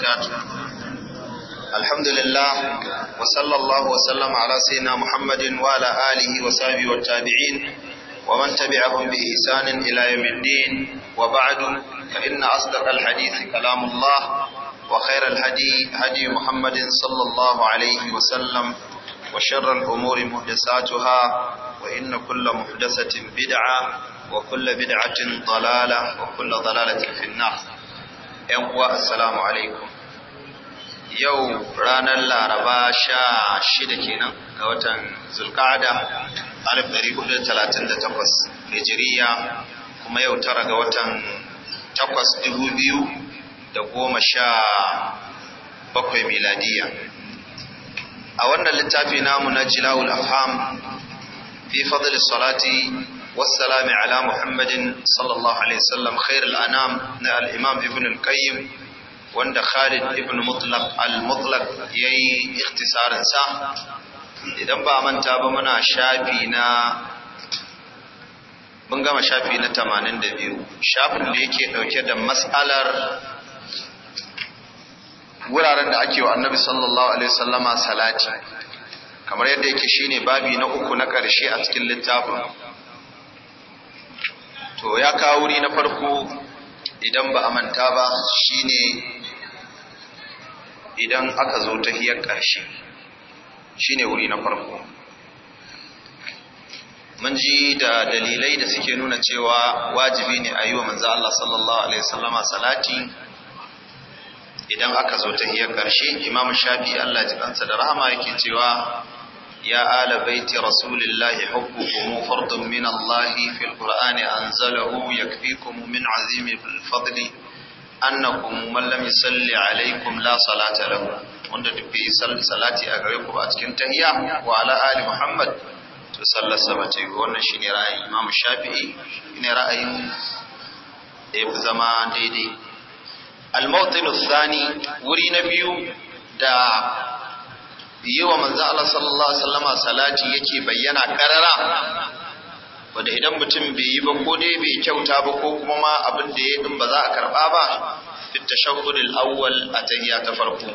wabarakatuh. Alhamdulillah, wa sallallahu wa sallama ala sayyidina Muhammadin wa ala alihi wa sahbihi wa tabi'in wa man tabi'ahum bi ihsanin ila yawmid din wa ba'du fa inna asdaqal hadith wa khayral hadi hadi Muhammadin sallallahu alayhi wa sallam wa sharral umuri muhdathatuha wa inna kulla muhdathatin bid'a wa kulla bid'atin dalalah wa kulla dalalatin fi an Yan uwa assalamu alaykum. yau ranar laraba sha shida kenan ga watan zulkada 1438 hijiriya kuma yau tara ga watan 8,2017 miladiya a wannan littafi namu na jilawul afham fi fadl salati Muhammadin sallallahu alaihi صلى الله عليه وسلم خير الأنام الإمام ابن القيم wanda Khalid ibn Mutlaq al-Mutlaq yayi ikhtisarin sa idan ba manta ba muna shafi na mun gama shafi na 82 shafin da yake dauke da mas'alar wuraren da ake wa Annabi sallallahu alaihi wasallama salati kamar yadda yake shine babi na uku na ƙarshe a cikin littafin to ya kawo wuri na farko idan ba a manta ba shine idan aka zo ta hiyar ƙarshe shi ne wuri na farko mun ji da dalilai da suke nuna cewa wajibi ne a yi wa manzo Allah sallallahu alaihi wasallama salati idan aka zo ta hiyar ƙarshe imam shafi Allah ji kansa da rahama yake cewa ya ala baiti rasulillahi hubbukum fardun min Allah fil qur'ani anzalahu yakfikum min azimi fadli annakum man lam yusalli alaikum la salata lahu wanda duk bai salati a gare ku ba cikin tahiyya wa ala ali muhammad to sallarsa ba ce wannan shine ra'ayin imam shafi'i ne ra'ayin da ya fi zama daidai al-mawtin thani wuri na biyu da yi wa manzo Allah sallallahu alaihi wasallama salati yake bayyana karara wanda idan mutum bai yi ba ko dai bai kyauta ba ko kuma ma abin da ya din ba za a karba ba fit tashahhudil awwal atayya ta farko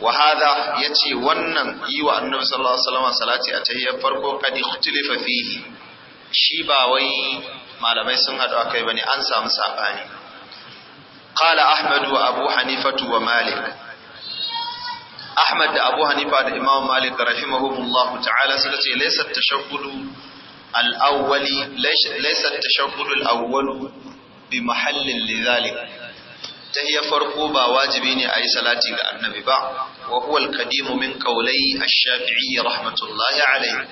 wa hada yace wannan yi wa annabi sallallahu alaihi wasallam salati atayya farko kad ikhtilafa fihi shi ba wai malamai sun hadu akai bane an samu sabani qala ahmad wa abu hanifatu wa malik Ahmad da Abu Hanifa da Imam Malik rahimahumullah ta'ala suka ce laysa tashahhudu al'awwali laisa tashahhudul awwalu bi mahallin Ta tahiyar farko ba wajibi ne a yi salati ga annabi ba wa huwa al-qadimu min qawlai ash-shafi'i rahmatullahi alayhi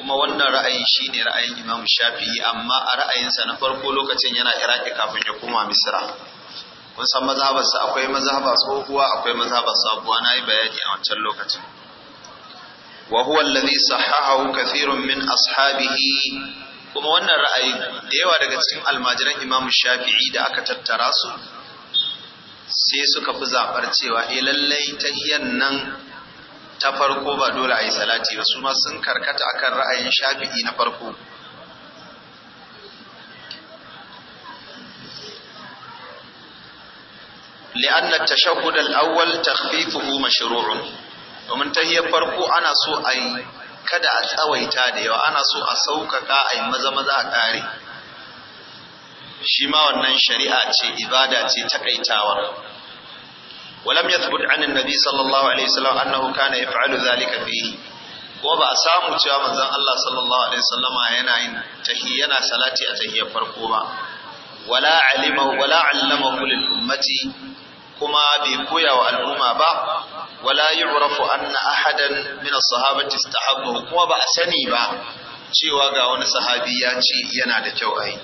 kuma wannan ra'ayi shine ra'ayin Imam Shafi'i amma a ra'ayinsa na farko lokacin yana Iraki kafin ya koma Misra kun san mazhabarsa akwai mazhaba tsohuwa akwai mazhabar sabuwa yi bayani a wancan lokacin wa huwa alladhi sahahahu kathirun min ashabihi kuma wannan ra'ayi da yawa daga cikin almajiran Imam Shafi'i da aka tattara su sai suka fi zaɓar cewa eh lallai tahiyyan nan ta farko ba dole a yi salati ba su ma sun karkata akan ra'ayin Shafi'i na farko لأن التشهد الأول تخفيفه مشروع domin tahiyar farko ana so ayi kada a tsawaita da yawa ana so a sauƙaƙa a yi maza maza a ƙare shi ma wannan shari'a ce ibada ce takaitawa ولم يثبت عن النبي صلى الله عليه وسلم أنه كان يفعل ذلك فيه kuma ba a samu cewa manzon Allah sallallahu alaihi wasallama yana yin tahi yana salati a tahiyar farko ba wala alima wala allama kullil ummati kuma bai koya wa al'umma ba wala yu'rafu anna ahadan min as-sahabati kuma ba a sani ba cewa ga wani sahabi ya ce yana da kyau ai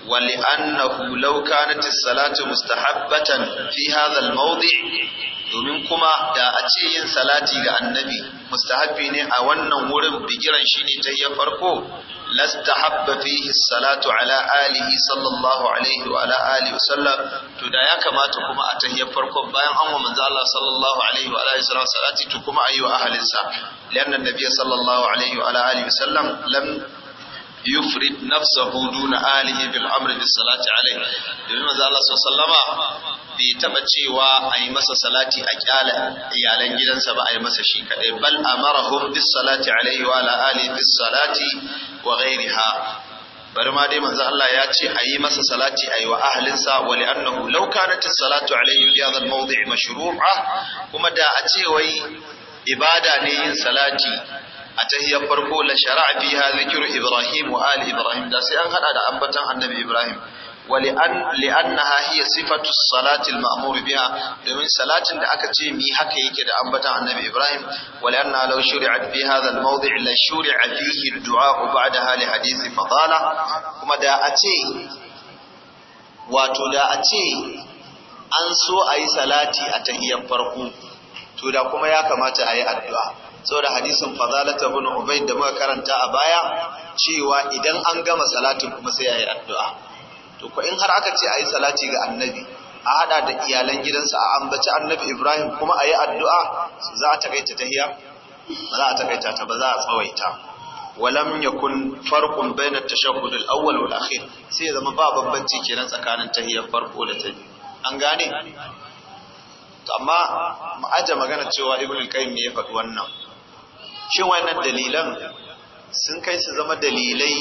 ولأنه لو كانت الصلاة مستحبة في هذا الموضع domin kuma da a ce yin salati ga annabi mustahabbi ne a wannan wurin bigiran shi ne ta yi farko lastahabba fihi salatu ala alihi sallallahu alaihi wa ala alihi wasallam to da ya kamata kuma a tahiyar farko bayan an wa manzo Allah sallallahu alaihi wa alihi to kuma ayi wa lianna sallallahu alaihi wa ala alihi wasallam lam yufrid nafsahu duna alihi bil amri bis salati alaihi domin manzo Allah sallama bai taba cewa ayi masa salati a kyala iyalan gidansa ba ayi masa shi kadai bal amarahum bis salati alaihi wa ala bis salati wa ghairiha bari ma dai manzo Allah ya ce ayi masa salati ayi wa ahlinsa wa li'annahu law kanat as-salatu alaihi fi hadha al-mawdi' mashru'a kuma da a ce wai ibada ne yin salati a tahiyar farko la shara'a fiha zikru ibrahim wa ali ibrahim da sai an hada da ambatan annabi ibrahim ولأن لأنها هي صفة الصلاة المأمور بها domin salatin da aka ce mi haka yake da ambatan annabi Ibrahim ولأنها لو شرعت في هذا الموضع لشرع du'a الدعاء بعدها لحديث فضالة kuma da a ce wato da a ce an so ayi salati a tahiyar farko to da kuma ya kamata ayi addu'a saboda hadisin fazalata ibn ubayd da muka karanta a baya cewa idan an gama salatin kuma sai yayi addu'a to ko in har aka ce ayi salati ga annabi a hada da iyalan gidansa a ambaci annabi ibrahim kuma ayi addu'a za a kai ta tahiya ba za a kai ta ba za a tsawaita ولم يكن فرق بين التشهد الاول والاخير sai ya zama ba bambanci kenan tsakanin tahiyyar farko da ta biyu an gane to amma mu aje magana cewa ibnu al-qayyim ne ya faɗi wannan shin wannan dalilan sun kai su zama dalilai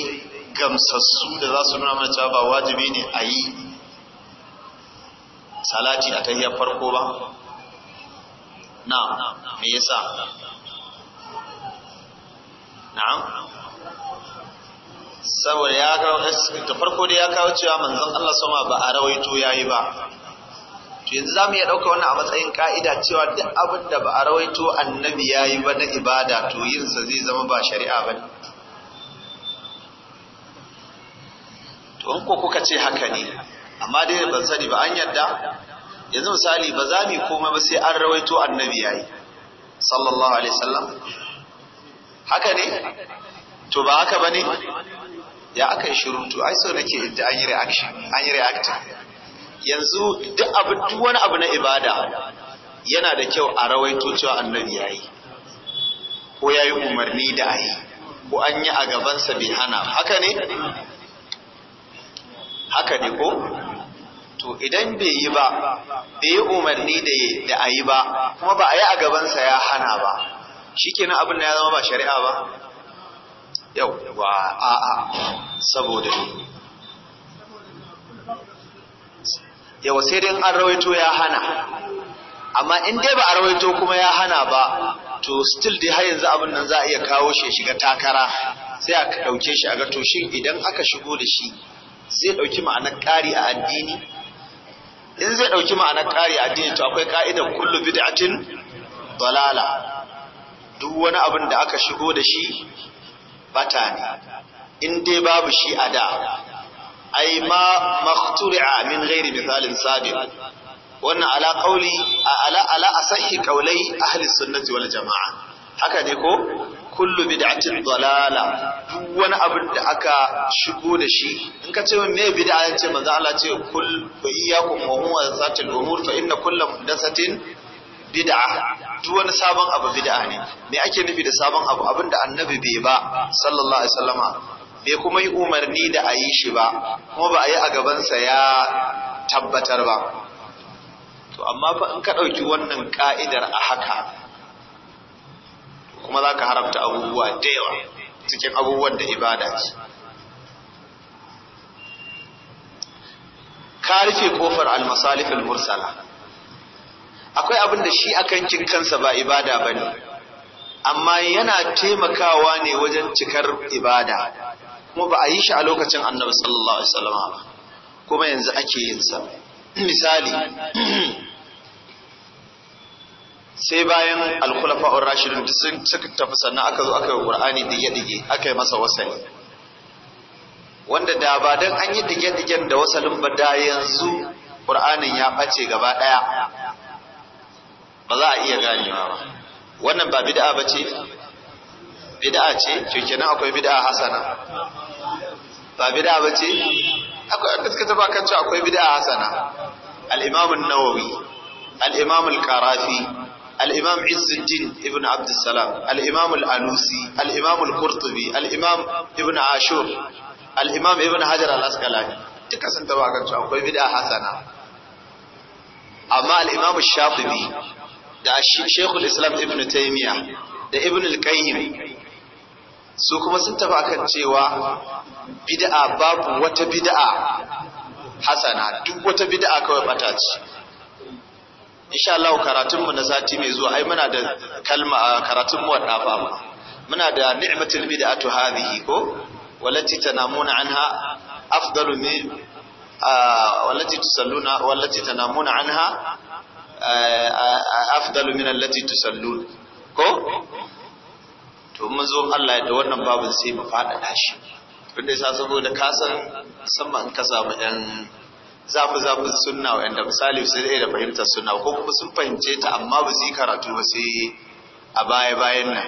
gamsassu da za su nuna mana cewa ba wajibi ne a yi salati a tahiyar farko ba na me yasa na'am saboda ya kawo da farko da ya kawo cewa manzon Allah sama ba a rawaito yayi ba to yanzu za mu iya dauka wannan a matsayin ka'ida cewa duk abin da ba a rawaito annabi ya yi ba na ibada to yin sa zai zama ba shari'a ne. to in ko kuka ce haka ne amma dai ban sani ba an yadda yanzu misali ba za mu komai ba sai an rawaito annabi ya yi. sallallahu alaihi wasallam haka ne to ba haka bane ya aka yi shiru to ai so nake da an yi reaction an yi reacting yanzu duk duk wani abu na ibada yana da kyau a rawaito cewa annabi yayi ko yayi umarni da yi, ko an yi a gabansa bai hana haka ne haka ne ko to idan bai yi ba bai yi umarni da a yi ba kuma ba a yi a gabansa ya hana ba shi kenan abin da ya zama ba shari'a ba yau wa a'a saboda ne yawa sai dai an rawaito ya hana amma in dai ba a rawaito kuma ya hana ba to still dai har yanzu abin nan za a iya kawo shi shiga takara sai a ɗauke shi a ga to shin idan aka shigo da shi zai ɗauki ma'anar ƙari a addini in zai ɗauki ma'anar ƙari a addini to akwai ka'idar kullu bid'atin dalala duk wani abin da aka shigo da shi bata ne in dai babu shi a da ai ma makturi'a Amin ghairi misalin sabit wannan ala qauli ala ala asahi qaulai ahli sunnati jamaa haka ne ko kullu bid'atin dalala duk wani da aka shigo da shi in ka ce min me bida'a yace manzo Allah ce umur fa inna kullu muhdathatin bid'a duk wani sabon abu bid'a ne me ake nufi da sabon abu abinda annabi bai ba sallallahu alaihi wasallama bai kuma yi umarni da a yi shi ba kuma ba a yi a gabansa ya tabbatar ba to amma fa in ka ɗauki wannan ƙa'idar a haka kuma za ka haramta abubuwa da yawa cikin abubuwan da ibada ce ka rufe kofar almasalifin mursala akwai abin da shi akan kin kansa ba ibada ne, amma yana taimakawa ne wajen cikar ibada kuma ba a yi shi a lokacin annabi sallallahu alaihi wasallam ba kuma yanzu ake yin sa misali sai bayan ar rashidun sun tafi sannan aka zo aka yi qur'ani dige-dige aka yi masa wasali wanda da ba dan an yi dige-digen da wasalin ba da yanzu qur'anin ya bace gaba daya ba za a iya ganewa ba wannan ba bid'a bace bid'a ce to kenan akwai bid'a hasana ba bid'a bace akwai wanda suka taba kan cewa akwai bid'a hasana al-imam an-nawawi al-imam al-qarafi al-imam izzuddin ibn abd salam al-imam al-alusi al-imam al-qurtubi al-imam ibn ashur al-imam ibn hajar al-asqalani duka sun taba kan cewa akwai bid'a hasana amma al'imam shafi'i da shekul islam ibn taimiyya da ibn al-qayyim su kuma sun tafi akan cewa bid'a babu wata bid'a hasana duk wata bid'a kawai bata ce insha Allah karatun mu na sati mai zuwa ai muna da kalma karatun mu wadda ba muna da ni'matul bid'atu hadhihi ko wallati tanamuna anha afdalu min wallati tusalluna wallati tanamuna anha afdalu min allati tusallun ko to mun zo Allah da wannan babu sai mu faɗaɗa shi dai sa saboda ka san musamman ka samu yan zafi zafi sunna wa'anda misali su da fahimtar sunna ko kuma sun fahimce ta amma ba su yi karatu ba sai a baya bayan nan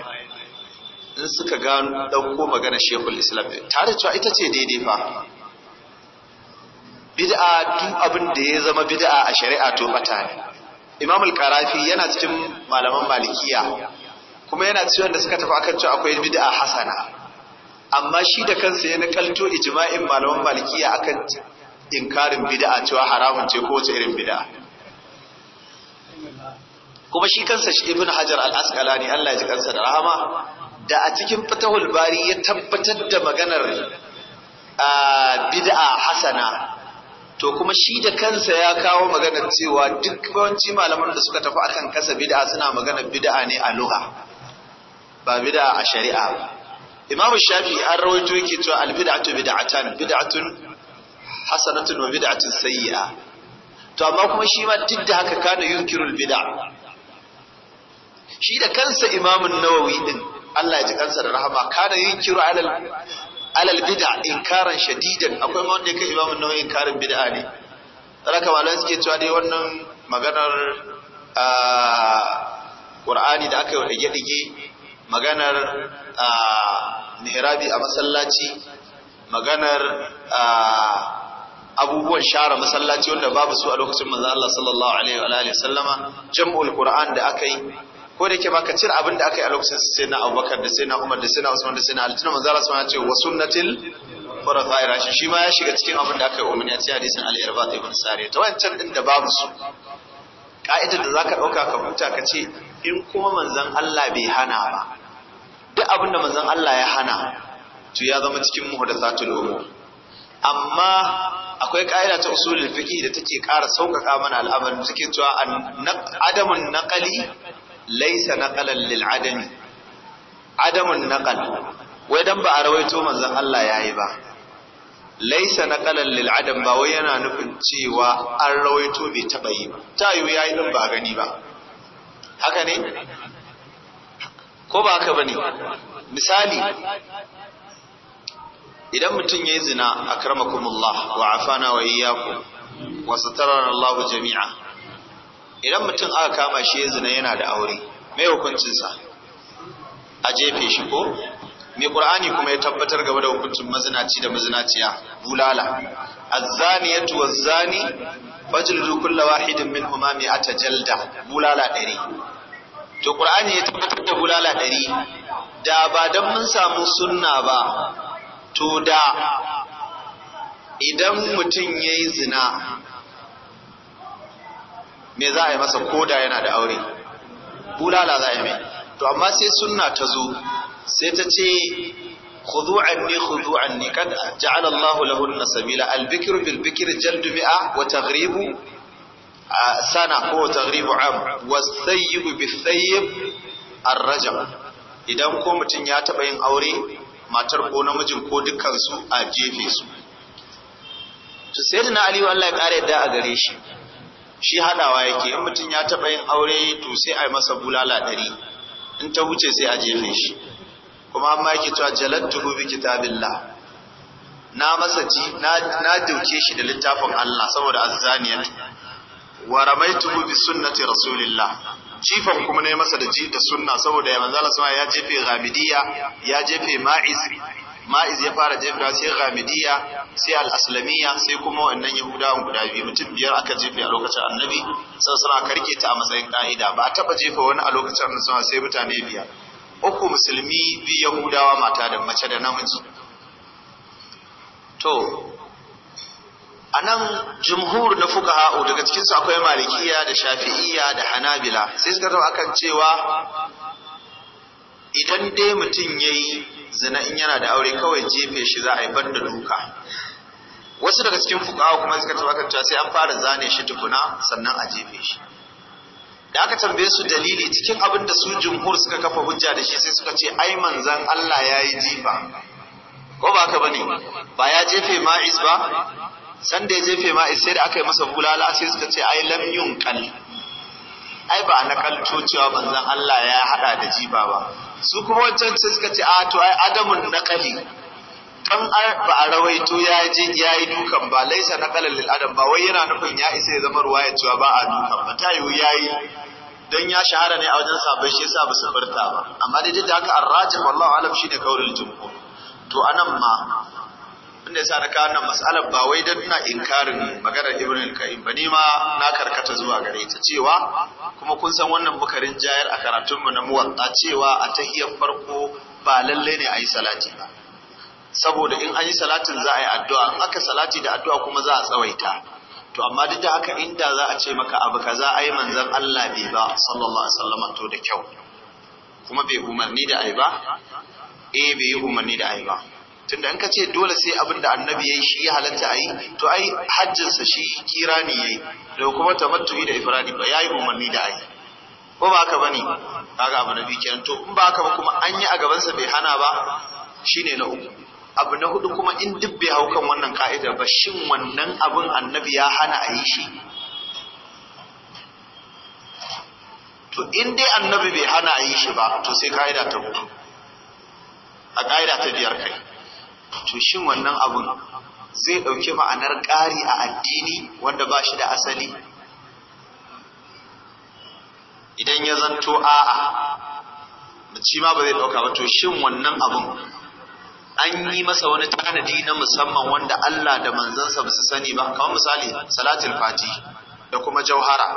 in suka gano ɗauko magana shekul islam tare cewa ita ce daidai fa bid'a duk abin da ya zama bid'a a shari'a to bata ne imam al-karafi yana cikin malaman malikiya kuma yana ciwon da suka tafi akan cewa akwai bid'a hasana amma shi da kansa ya nakalto ijma'in malaman malikiya akan inkarin bid'a cewa haramun ce ko wace irin bid'a kuma shi kansa shi ibn hajar al-asqalani Allah ya ji kansa da rahama da a cikin fatahul bari ya tabbatar da maganar bid'a hasana to kuma shi da kansa ya kawo maganar cewa duk yawanci malaman da suka tafi akan kasa bid'a suna maganar bid'a ne a luha ba bid'a a shari'a ba imamu shafi an rawaito yake cewa albid'atu bid'atan bid'atun hasanatun wa bid'atun sayyi'a to amma kuma shi ma duk da haka kana yunkirul bid'a shi da kansa imamu nawawi din Allah ya ji kansa da rahama kana yunkiru alal alal bid'a inkaran shadidan akwai ma wanda yake imamu nawawi inkarin bid'a ne raka malan suke cewa dai wannan maganar ah, Qur'ani da aka yi wa ɗige-ɗige maganar mihrabi a masallaci maganar abubuwan share masallaci wanda babu su a lokacin manzo Allah sallallahu alaihi wa alihi sallama jam'ul qur'an da akai ko da yake baka cire abin da akai a lokacin sayyidina Abubakar da sayyidina Umar da sayyidina Usman da sayyidina Ali tunda manzo Allah sallallahu alaihi wa alihi sunnatil khulafa'i rashi shi ma ya shiga cikin abin da aka yi umarni a cikin hadisin al ta ibn sari ta wancan din da babu su ka'idar da zaka dauka ka huta ka ce in kuma manzon Allah bai hana ba duk da manzon Allah ya hana to ya zama cikin muhdathatul umur amma akwai ka'ida ta usulul fiqh da take ƙara sauƙaƙa mana al'amarin cikin cewa adamun naqali laysa naqalan lil adami adamun naqal wai dan ba a rawaito manzon Allah yayi ba laisa na lil adam ba wai yana nufin cewa an rawaito bai taɓa yi ba ta yi ya yi ba gani ba haka ne ko ba haka bane misali idan mutum yayi zina akramakumullah wa afana wa iyyakum wa satarana Allah jami'a idan mutum aka kama shi yayi zina yana da aure me hukuncin sa a jefe shi ko mai qur'ani kuma ya tabbatar game da hukuncin mazinaci da mazinaciya bulala azzani ya waz-zani fajlidu kullu wahidin jalda bulala ɗari. to qur'ani ya tabbatar da bulala ɗari da ba don mun samu sunna ba to da idan mutum ya yi zina me za a yi masa koda yana da aure bulala za a yi mai to amma sai sunna ta zo sai ta ce خذوا عني خذوا عني قد جعل الله لهن سبيلا البكر بالبكر جلد مئة وتغريب sana ko taghribu am wasayyib bisayyib arrajam idan ko mutun ya taba yin aure matar ko namijin ko dukkan su a jefe su to sayyidina ali wallahi kare da a gare shi shi hadawa yake in mutun ya taba yin aure to sai ai masa bulala dari in ta wuce sai a jefe shi kuma amma yake cewa jalattu bi kitabillah na masa ji na dauke shi da littafin Allah saboda azzaniyar. wa ramaituhu bi sunnati rasulillah cifan kuma ne masa da ji da sunna saboda manzo Allah sama ya jefe ghamidiyya ya jefe ma'iz ma'iz ya fara jefa sai ghamidiyya sai al-aslamiyya sai kuma wannan yahudawan guda biyu mutum biyar aka jefe a lokacin annabi sai suna karke ta a matsayin ka'ida ba a taba jefa wani a lokacin annabi sai mutane biyar uku musulmi bi yahudawa mata da mace da namiji to a nan jumhur na fuka ha'u daga cikin su akwai malikiya da shafi'iya da hanabila sai suka zama akan cewa idan dai mutum ya yi zina in yana da aure kawai jefe shi za a yi da duka wasu daga cikin fuka ha'u kuma suka zama akan cewa sai an fara zane shi tukuna sannan a jefe shi da aka tambaye su dalili cikin abin da su jumhur suka kafa hujja da shi sai suka ce ai manzan Allah ya yi jifa ko ba ka bane ba ya jefe ma'iz ba San da ya jefe ma sai da aka yi masa bulala sai suka ce ai lam yun kal ai ba na kalto cewa banzan Allah ya hada da jiba ba su kuma wancan sai suka ce a to ai adamun naqali dan ba a rawaito ya je ya yi dukan ba laisa kalal lil adam ba wai yana nufin ya isa ya zama ya cewa ba a dukan ba Ta ya yayi dan ya shahara ne a wajen sabai shi yasa ba su furta ba amma dai da haka arrajih wallahu alam shine kaulul jumhur to anan ma tun da sa na kawo wannan mas'alar ba wai don ina inkarin maganar Ibn al-Qayyim ba ni na karkata zuwa gare ta cewa kuma kun san wannan bukarin jayar a karatun mu na muwatta cewa a tahiyar farko ba lalle ne a yi salati ba saboda in an yi salatin za a yi addu'a in aka salati da addu'a kuma za a tsawaita to amma duk da haka inda za a ce maka abu kaza yi manzon Allah bai ba sallallahu alaihi wasallam to da kyau kuma bai umarni da ai ba eh bai yi umarni da ai ba tunda an ka ce dole sai abin da annabi ya yi shi ya halatta a yi to ai hajjinsa shi kirani ya yi da kuma tamattu'i da ifradi ba ya yi umarni da a yi ko ba haka ba ne kaga abu na biyu kenan to in ba haka ba kuma an yi a gabansa bai hana ba shine na uku abu na hudu kuma in duk bai hau kan wannan ka'idar ba shin wannan abin annabi ya hana a yi shi to in dai annabi bai hana a yi shi ba to sai ka'ida ta hudu a ka'ida ta biyar kai to shin wannan abun zai dauke ma'anar ƙari a addini wanda ba shi da asali idan ya zanto a'a mace ma ba zai ɗauka ba to shin wannan abun an yi masa wani tanadi na musamman wanda Allah da manzansa ba su sani ba kamar misali salatul fati da kuma jauhara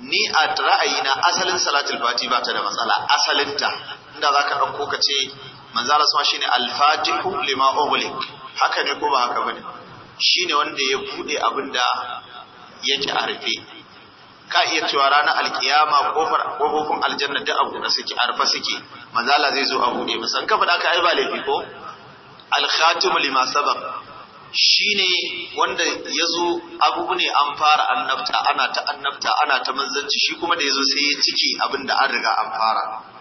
ni a ra'ayina asalin salatul fati ba ta da matsala asalinta inda za ka ɗauko ka ce manzo Allah shine al-fatihu lima ughliq haka ne ko ba haka bane shine wanda ya bude abinda yake arfe. ka iya cewa ranar alkiyama kofar kofofin aljanna duk abu da suke a suke manzo zai zo a bude musan kafa da aka ai ba laifi ko al-khatimu lima shi shine wanda yazo abubu ne an fara annabta ana ta annabta ana ta manzanci shi kuma da yazo sai ya ciki abinda an riga an fara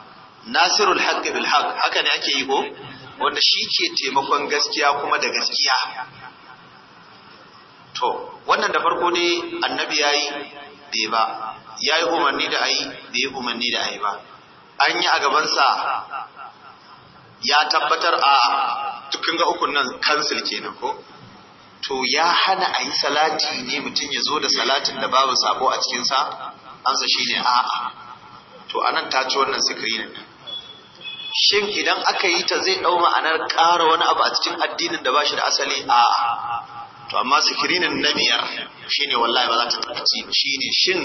nasirul haqqi bil haqq haka ne ake yi ko wanda shi ke taimakon gaskiya kuma da gaskiya to wannan da farko ne annabi yayi bai ba yayi umarni da ayi bai umarni da ayi ba an yi a gaban sa ya tabbatar a dukkan ga ukun nan kansil kenan ko to ya hana a yi salati ne mutum ya zo da salatin da babu sabo a cikinsa ansa shine a'a to anan ta ci wannan sikirin shin idan aka yi ta zai ɗau ma'anar ƙara wani abu a cikin addinin da ba shi da asali a to amma sikirinin na biyar shi ne wallahi ba za ta tafi shi ne shin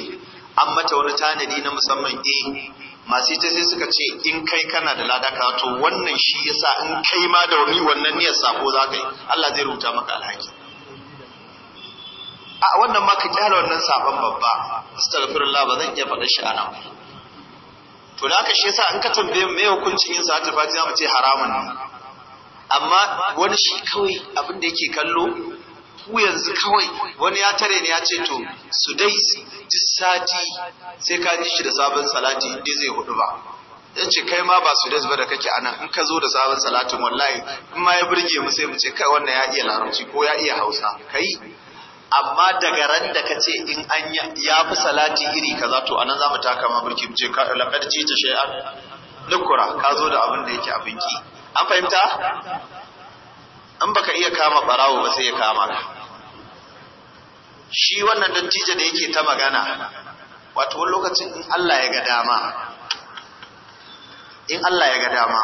an mata wani tanadi na musamman e masu ita sai suka ce in kai kana da lada ka to wannan shi yasa in kai ma da wani wannan niyyar sako za ka yi Allah zai rubuta maka alhaki a wannan ma ka kyala wannan sabon babba astaghfirullah ba zan iya faɗa shi a nan to da aka shi yasa in ka tambaye mai hukuncin yin salatul fatiha mu ce haramun amma wani shi kawai abin da yake kallo ku yanzu kawai wani ya tare ne ya ce to su dai sati sai ka ji shi da sabon salati dai zai hudu ba ya ce kai ma ba su ba da kake anan in ka zo da sabon salatin wallahi in ma ya burge mu sai mu ce kai wannan ya iya larabci ko ya iya hausa kai amma daga ran da kace in an ya fi salati iri kaza to anan mu taka ma burki je ka laqad ta shay'an nukura ka zo da abin da yake a ki an fahimta an baka iya kama barawo ba sai ya kama ka shi wannan dattijo da yake ta magana wato wani lokacin in Allah ya ga dama in Allah ya ga dama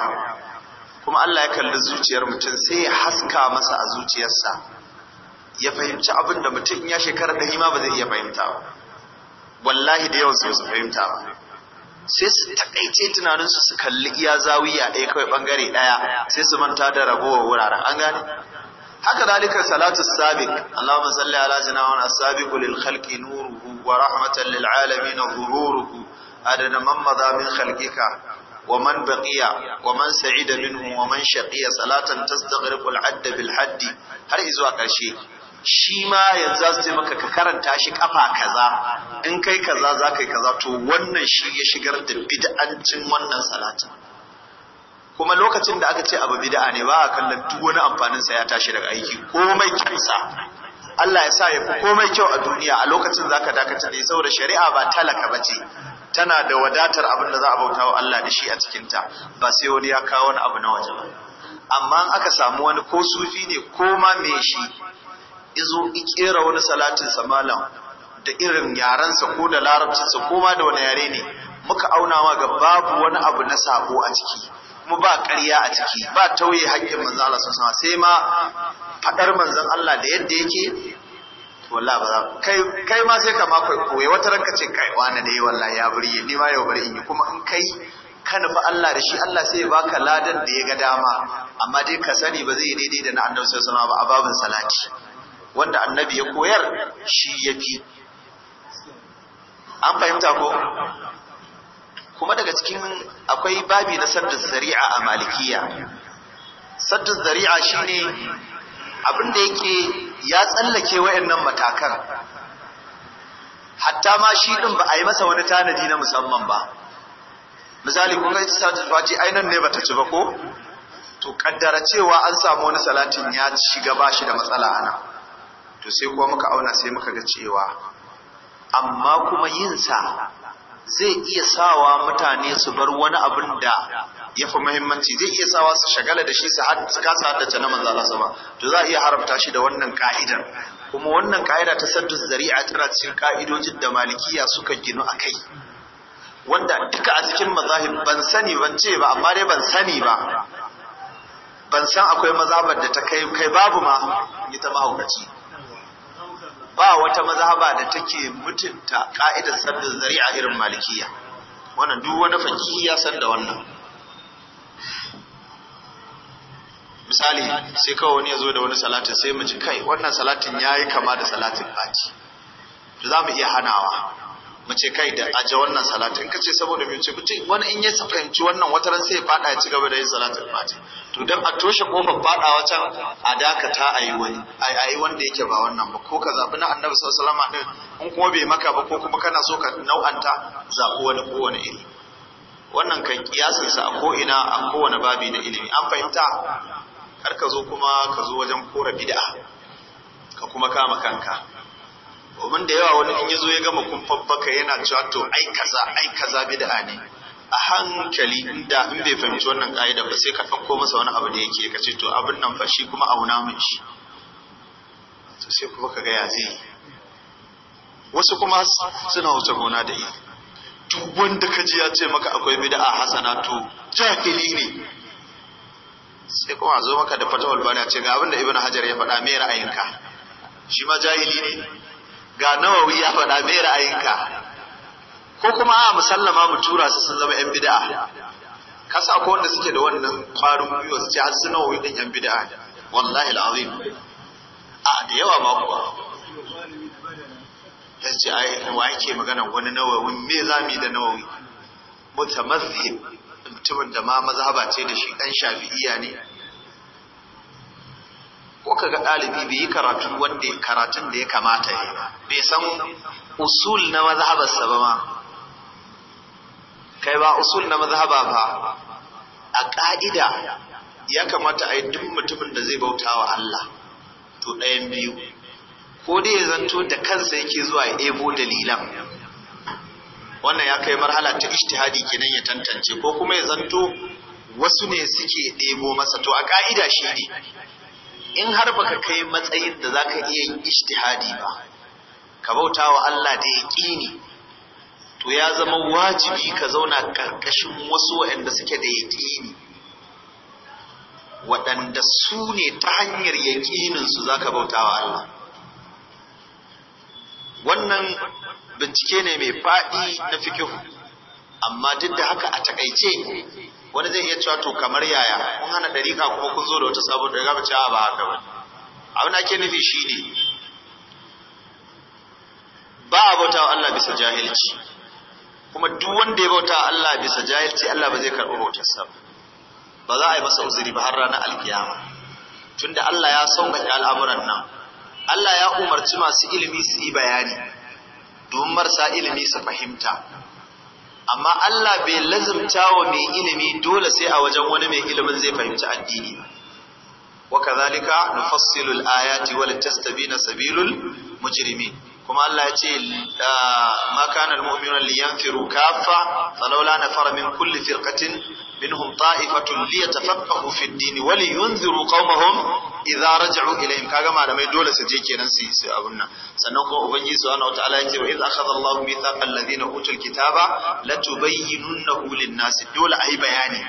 kuma Allah ya kalli zuciyar mutum sai ya haska masa a zuciyarsa ya fahimci abin da mutum ya shekara ɗari ma ba zai iya fahimta ba wallahi da yawan su fahimta ba sai su takaice tunaninsu su kalli iya zawiya ɗaya kawai ɓangare ɗaya sai su manta da ragowar wuraren an gane haka zalika salatu sabiq Allahumma salli ala sayyidina wa sabiqu lil khalqi nuruhu wa rahmatan lil alamin dhururuhu adana man madha min khalqika ومن بقي ومن سعيد منه ومن شقي صلاة تستغرق العد بالحد هل إذوا قرشي shi ma yanzu za su ce maka ka karanta shi kafa kaza in kai kaza za ka yi kaza to wannan shi ya shigar da bid'ancin wannan salatin kuma lokacin da aka ce abu bid'a ne ba a kallon duk wani amfanin sa ya tashi daga aiki komai kyausa Allah ya sa ya fi komai kyau a duniya a lokacin zaka dakata ne saboda shari'a ba talaka bace tana da wadatar abin da za a bautawa Allah da shi a cikin ta ba sai wani ya kawo wani abu na waje ba amma aka samu wani ko sufi ne ko ma me shi izo ikera wani salatin sa malam da irin yarensa ko da larabcinsa ko ma da wani yare ne muka auna ma ga babu wani abu na sabo a ciki kuma ba ƙarya a ciki ba tauye haƙƙin manzon Allah sun sama sai ma fadar manzon Allah da yadda yake wallahi ba za kai kai ma sai ka ma kai koyi wata ranka ce kai wani dai wallahi ya buri ni ma yau bari in yi kuma in kai ka nufi Allah da shi Allah sai ya baka ladan da ya ga dama amma dai ka sani ba zai daidai da na annabi sallallahu alaihi wasallam ba a babin salati wanda annabi ya koyar shi ya fi an fahimta ko kuma daga cikin akwai babi na saddin zari'a a malikiya saddin zari'a shine abinda yake ya tsallake wayannan matakan hatta ma shi din ba a yi masa wani tanadi na musamman ba misali kun ga ita fati ainihin ne bata ci ba ko to kaddara cewa an samu wani salatin ya ci gaba shi da matsala ana to sai kuma muka auna sai muka ga cewa amma kuma yin sa zai iya sawa mutane su bar wani abin da ya fi muhimmanci zai iya sawa su shagala da shi su kasa haddace na manzo Allah sama to za a iya haramta shi da wannan ka'idar kuma wannan ka'ida ta saddu a tana cikin ka'idojin da malikiya suka ginu kai, wanda duka a cikin mazahib ban sani ban ce ba amma dai ban sani ba ban san akwai mazabar da ta kai kai babu ma ita mahaukaci ba wata mazhaba da take mutunta ka'idar sabbin zari'a irin malikiya wannan duk wani fakihi ya san da wannan misali sai kawai wani ya zo da wani salatin sai mu ji kai wannan salatin ya yi kama da salatin baci da za mu iya hanawa mu kai da aje wannan salatin kace saboda me ce kuce wani in ya fahimci wannan wata ran sai ya fada ya ci da yin salatin fati to dan a toshe kofar fada wata a dakata ayi wani ai ai wanda yake ba wannan ba ko ka zabi na annabi sallallahu alaihi wasallam din in kuma bai maka ba ko kuma kana so ka nau'anta zabi wani ko wani iri wannan kan kiyasin sa a ko ina a kowane babi na ilimi an fahimta kar ka zo kuma ka zo wajen kora bid'a ka kuma kama kanka domin da yawa wani in zo ya gama kun fabbaka yana cewa to ai kaza ai kaza bid'a ne a hankali inda in bai fahimci wannan ka'ida ba sai ka ɗauko masa wani abu da yake ka ce to abin nan fa shi kuma auna min shi sai kuma ka ga ya zai wasu kuma suna wuce gona da yi duk wanda ka ji ya ce maka akwai bid'a hasana to jahili ne sai kuma zo maka da fatawul bana ce ga abin da ibnu hajar ya faɗa me ra'ayinka shi ma jahili ne ga nawawi ya faɗa me ra'ayinka ko kuma a musallama mu tura su sun zama yan bida'a kasa ko wanda suke da wannan kwarin gwiwa su ce har su nawawi ɗin yan bida'a wallahi alazim a da yawa ma kuwa ya ce ai wa ake magana wani nawawi me zami da nawawi mutamazzib mutumin da ma mazhaba ce da shi ɗan shafi'iya ne ko kaga ɗalibi bai yi karatu wanda karatun da ya kamata ya bai san usul na mazhabarsa ba ma kai ba usul na mazhaba ba a ƙa'ida ya kamata a yi duk mutumin da zai bauta wa Allah to ɗayan biyu ko dai ya zanto da kansa yake zuwa ya ebo dalilan wannan ya kai marhala ta ijtihadi kenan ya tantance ko kuma ya zanto wasu ne suke ɗebo masa to a ƙa'ida shi ne in har baka kai matsayin da zaka iya yin ijtihadi ba ka bauta wa Allah da yaqini to ya zama wajibi ka zauna karkashin wasu waɗanda suke da yaqini waɗanda su ne ta hanyar yaqinin su zaka bauta wa Allah wannan bincike ne mai faɗi na fikihu amma duk da haka a takaice wani zai iya cewa to kamar yaya kun hana dariƙa kuma kun zo da wata sabon da ba cewa ba haka ba abin ake nufi shine ba a bauta wa Allah bisa jahilci kuma duk wanda ya bauta wa Allah bisa jahilci Allah ba zai karɓi sa ba za a yi masa uzuri ba har ranar alkiyama tunda Allah ya sauƙaƙe al'amuran nan Allah ya umarci masu ilimi su yi bayani domin marasa ilimi su fahimta amma Allah bai lazumta wa mai ilimi dole sai a wajen wani mai ilimin zai fahimci addini ba wa kadhalika nufassilu al-ayati wa litastabina sabilul mujrimin kuma Allah ya ce ma liyan firu, kafa kaffa na fara min kulli firkatin minhum ta'ifatun liyatafaqahu fi ad-din wa liyunziru qaumahum idza raja'u ilayhim kaga malamai dole su je kenan su yi abun nan sannan kuma ubangiji subhanahu wataala ya ce wa idza akhadha Allahu mithaqa alladhina utul kitaba latubayyinunnahu lin-nas dole ai bayani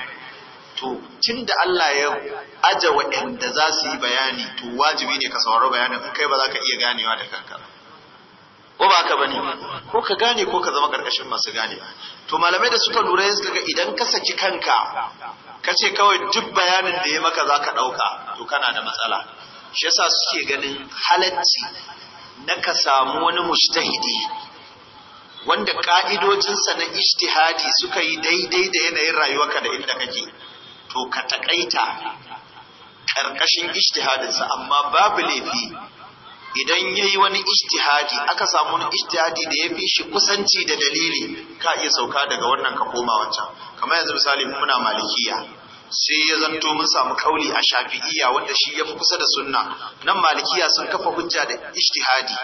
to tunda Allah ya aja wa'anda za su yi bayani to wajibi ne ka saurari bayanin in kai ba za ka iya ganewa da kanka ba ko ba ka bane ko ka gane ko ka zama karkashin masu gane to malamai da suka lura yanzu kaga idan ka saki kanka ka ce kawai duk bayanin da ya maka za ka ɗauka to kana da matsala shi yasa suke ganin halacci na ka samu wani mustahidi wanda sa na ijtihadi suka yi daidai da yanayin rayuwarka da inda kake to ka taƙaita ƙarƙashin ijtihadinsa amma babu laifi idan yayi wani ijtihadi aka samu wani ijtihadi da ya fi shi kusanci da dalili ka iya sauka daga wannan ka koma wancan kamar yanzu misali muna malikiya sai ya zanto mun samu kauli a shafi'iyya wanda shi ya fi kusa da sunna nan malikiya sun kafa hujja da ijtihadi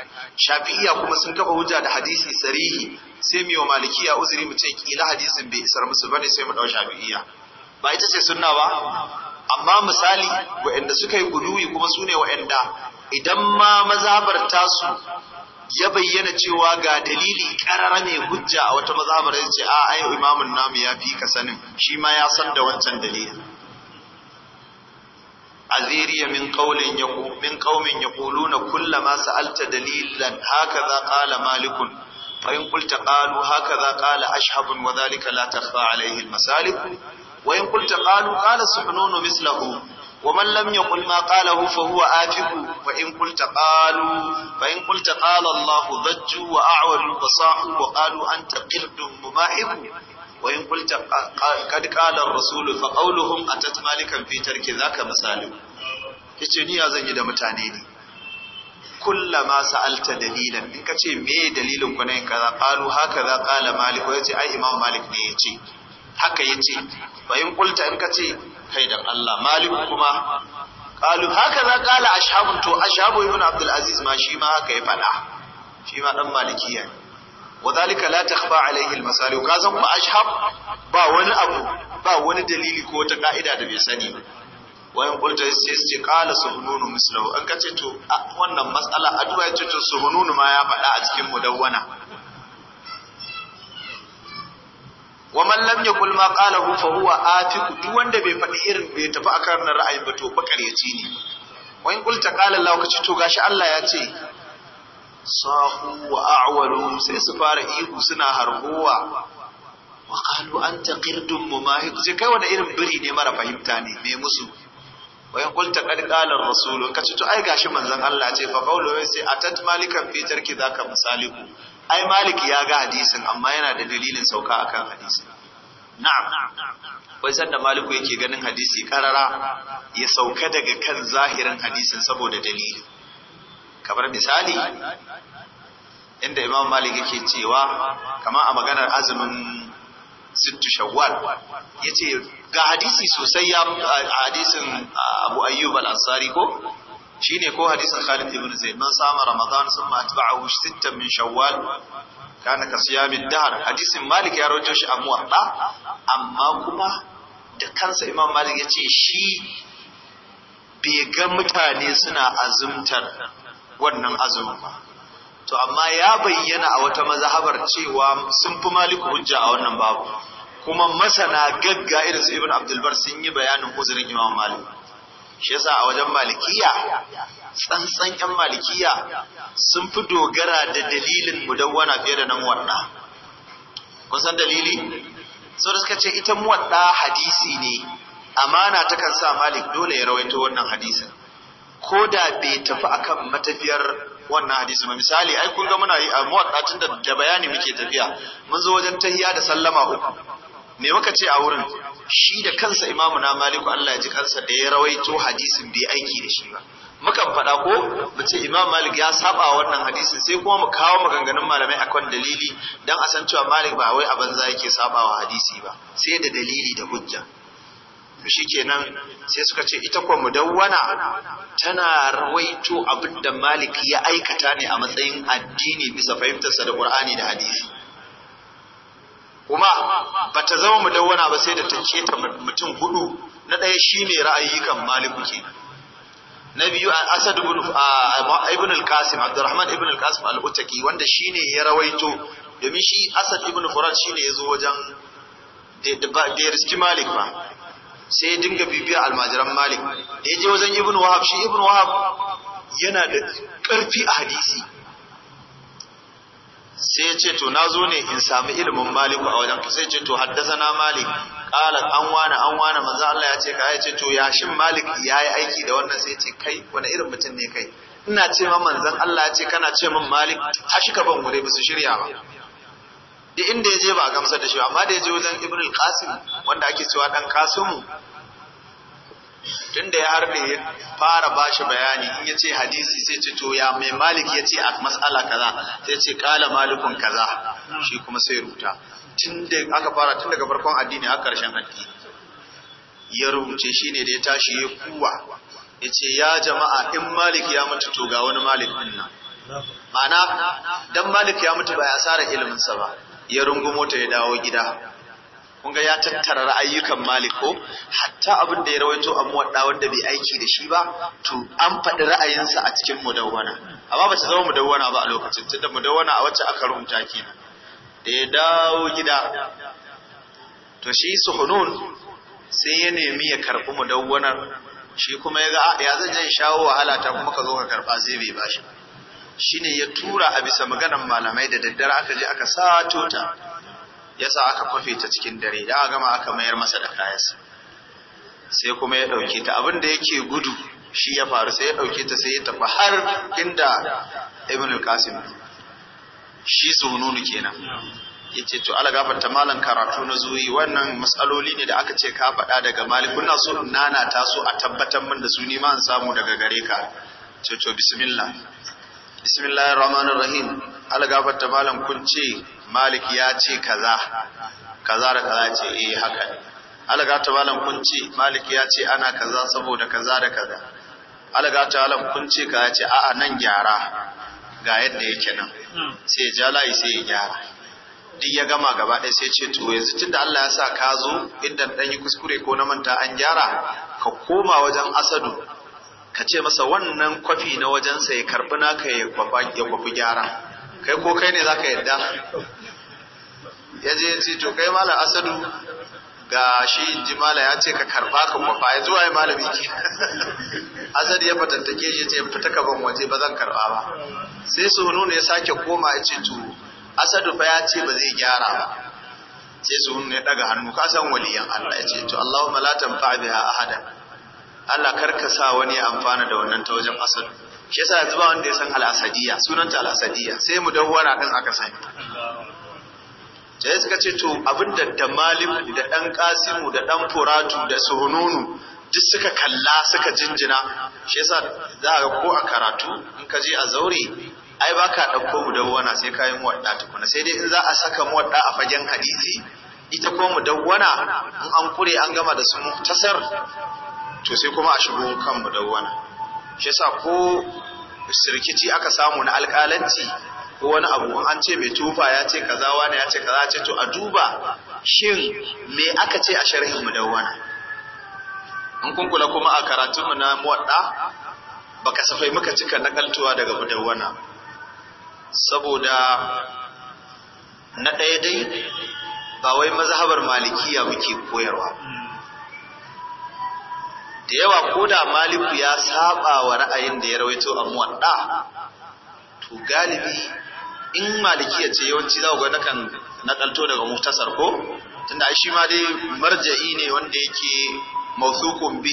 shafi'iyya kuma sun kafa hujja da hadisi sarihi sai miyo malikiya uzuri mu ce kila hadisin bai isar musu bane sai mu dau shafi'iyya ba ita ce sunna ba amma misali wa'anda suka yi guduwi kuma sune ne idan ma mazhabar su ya bayyana cewa ga dalili karara mai hujja a wata mazhabar ya ce a ai imamun namu ya fi ka sanin shi ma ya san da wancan dalili aziriya min qaulin yaqu min qaumin yaquluna kullama sa'alta dalilan hakaza qala malikun fa in qulta qalu hakaza qala ashabun wa dhalika la tafa alayhi al-masalib wa in qulta qalu qala suhnunu mislahu ومن لم يقل ما قاله فهو آفق فإن قلت قالوا فإن قلت قال الله ضجوا وأعولوا وصاحوا وقالوا أنت قرد مماحب وإن قلت قد قال الرسول فقولهم أتت مالكا في ترك ذاك مسالم يتني يا زني da mutane ne kullama sa'alta dalilan in kace me dalilin ku ne kaza qalu haka za qala malik yace ai imam malik ne yace haka yace wa in qulta in kace kai dan Allah malik kuma qalu haka za qala ashabu to ashabu ibn abdul aziz ma shi ma haka ya fada shi ma dan malikiya wadhalika la takhfa alayhi al masalih ka san ba ashab ba wani abu ba wani dalili ko wata ka'ida da bai sani ba wayan kulta sai su ce kala suhununu mislahu an kace to wannan matsala addu'a ya ce to suhununu ma ya faɗa a cikin mudawwana wa man lam yakul ma qalahu fa huwa atiku duk wanda bai faɗi irin bai tafi akan nan ra'ayin ba to bakareci ne wa in qulta qala Allah kace to gashi Allah ya ce sahu wa a'walu sai su fara ihu suna harbowa wa qalu anta qirdun mumahid sai kai wani irin biri ne mara fahimta ne me musu wa in qulta qad qala ar-rasul kace to ai gashi manzon Allah ce fa qawlu sai atat malikan fitarki zaka misaliku ai maliki ya ga hadisin amma yana da dalilin sauka akan hadisin na'am wai sanda maliku yake ganin hadisi karara ya sauka daga kan zahirin hadisin saboda dalili kamar misali inda imam malik yake cewa kamar a maganar azumin sittu shawwal yace ga hadisi sosai ya hadisin abu ayyub al-ansari ko shine ko hadisin Khalid ibn Zaid man sama Ramadan summa atba'ahu sittan min Shawwal kana ka siyami dahar hadisin Malik ya rawaito shi a da amma kuma da kansa Imam Malik ya ce shi bai ga mutane suna azumtar wannan azumin ba to amma ya bayyana a wata mazhabar cewa sun fi Malik hujja a wannan babu kuma masana gagga irin su Ibn Abdul Bar sun yi bayanin uzurin Imam Malik shi yasa a wajen malikiya tsantsan yan malikiya sun fi dogara da dalilin mudawwana fiye da nan wadda kun san dalili so suka ce ita muwadda hadisi ne amana ta kan sa malik dole ya rawaito wannan hadisin ko da bai tafi akan matafiyar wannan hadisi ba misali ai kun ga muna yi a muwadda tun da bayani muke tafiya mun zo wajen tahiya da sallama uku me muka ce a wurin shi da kansa imamu na maliku Allah ya ji kansa da ya rawaito hadisin bai aiki da shi ba mukan faɗa ko mu ce imam malik ya saba wannan hadisin sai kuma mu kawo maganganun malamai akan dalili dan a san cewa malik ba wai a banza yake sabawa hadisi ba sai da dalili da hujja to shikenan sai suka ce ita kuwa mudawwana tana rawaito abinda malik ya aikata ne a matsayin addini bisa fahimtarsa da qur'ani da hadisi kuma ba ta zama mudawwana ba sai da ta ce ta mutum hudu na ɗaya shi ne ra'ayikan maliku ke. na biyu a asad ibn al-qasim abdurrahman ibn al-qasim al-utaki wanda shine ya rawaito domin shi asad ibn furat shine zo wajen da ya riski malik ba sai ya dinga bibiya almajiran malik da ya je wajen ibn wahab shi ibn wahab yana da karfi a hadisi sai ya ce to na zo ne in sami ilimin maliku a wajen sai ce to haddasa na malik ƙalar an wane an wane manzo Allah ya ce ka ya ce to yashin malik ya yi aiki da wannan sai ce kai wani irin mutum ne kai ina ce ma manzon Allah ya ce kana ce min malik tashi ka ban wure ba su shirya ba duk inda ya je ba a gamsar da shi amma da ya je wajen ibn qasim wanda ake cewa dan kasumu Tun da ya harbe ya fara shi bayani in ya ce hadisi sai ce to ya mai malik ya ce a matsala kaza sai ce kala malikun kaza shi kuma sai rubuta da aka fara tun daga farkon addini a karshen addini ya rubuce shi ne da ya tashi ya kuwa ya ce ya jama'a in malik ya mutu to ga wani malik din nan ma'ana dan malik ya mutu ba ya sara iliminsa ba ya rungumo ta ya dawo gida kun ga ya tattara ra'ayyukan Malik ko hatta abin da ya rawaito a Wadda wanda bai aiki da shi ba to an faɗi ra'ayinsa a cikin mudawwana amma ba ta zama mudawwana ba a lokacin tunda mudawwana a wacce aka rubuta kenan da ya dawo gida to shi suhunun sai ya nemi ya karɓi mudawwanar shi kuma ya ga ah, ya zan jan shawo wahala ta kuma ka zo ka karɓa zai bai bashi shine ya tura a bisa maganar malamai da daddare aka je aka sato ta yasa aka kwafe ta cikin dare da gama aka mayar masa da kayansa sai kuma ya ɗauke ta abin da yake gudu shi ya faru sai ya ɗauke ta sai ya tafi har inda ibn al-qasim shi sununu kenan ya ce to ala gafarta malam karatu na zuwi wannan matsaloli ne da aka ce ka faɗa daga malik kuna so nana ta so a tabbatar min da su ni ma an samu daga gare ka ce to bismillah bismillahir rahmanir rahim algafar ta malam kun ce malik ya ce kaza kaza da kaza ce eh haka ne algafar ta malam kun ce malik ya ce ana kaza saboda kaza da kaza algafar ta malam kun ce kaza ce a'a nan gyara ga yadda yake nan sai ya ja sai ya gyara duk ya gama gaba ɗaya sai ce to yanzu tunda Allah ya sa ka zo idan ɗan yi kuskure ko na manta an gyara ka koma wajen asadu ka ce masa wannan kwafi na wajensa ya karɓi naka ya kwafi gyara kai ko kai ne za ka yadda ya je ya ce to kai malam asadu ga shi ji mala ya ce ka karɓa ka kwafa ya zuwa ya malami biki asadu ya fatattake shi ce fita ka ban waje ba zan karɓa ba sai su nuna ya sake koma ya ce to asadu fa ya ce ba zai gyara ba sai su ne daga hannu ka san waliyan Allah ya ce to Allahumma la tanfa biha ahada Allah karka sa wani ya amfana da wannan ta wajen asad shi yasa yanzu ba wanda ya san al'asadiyya sunanta al-asadiyya sai mu dawwara din aka sani sai suka ce to abinda da malim da dan kasimu da dan furatu da sununu duk suka kalla suka jinjina shi yasa za ga ko a karatu in ka je a zaure ai baka dauko mu dawwana sai kayi wadda tukuna sai dai in za a saka mu wadda a fagen hadisi ita ko mu dawwana in an kure an gama da su tasar to sai kuma a shigo kan wani shi yasa ko sirkici aka samu na alƙalanci ko wani abu an ce mai tufa ya ce kaza wani ya ce kaza ce to a duba shin me aka ce a sharhin mudawwana An kunkula kuma a karatun mu na muwadda ba kasafai muka cika nakaltuwa daga mudawwana saboda na ɗaya dai ba wai mazhabar malikiya muke koyarwa da yawa ko da maliku ya saba wa ra'ayin da ya rawaito a muwadda to galibi in ya ce yawanci za ku ga nakan nakalto daga muhtasar ko tunda shi ma dai marja'i ne wanda yake mawthukun bi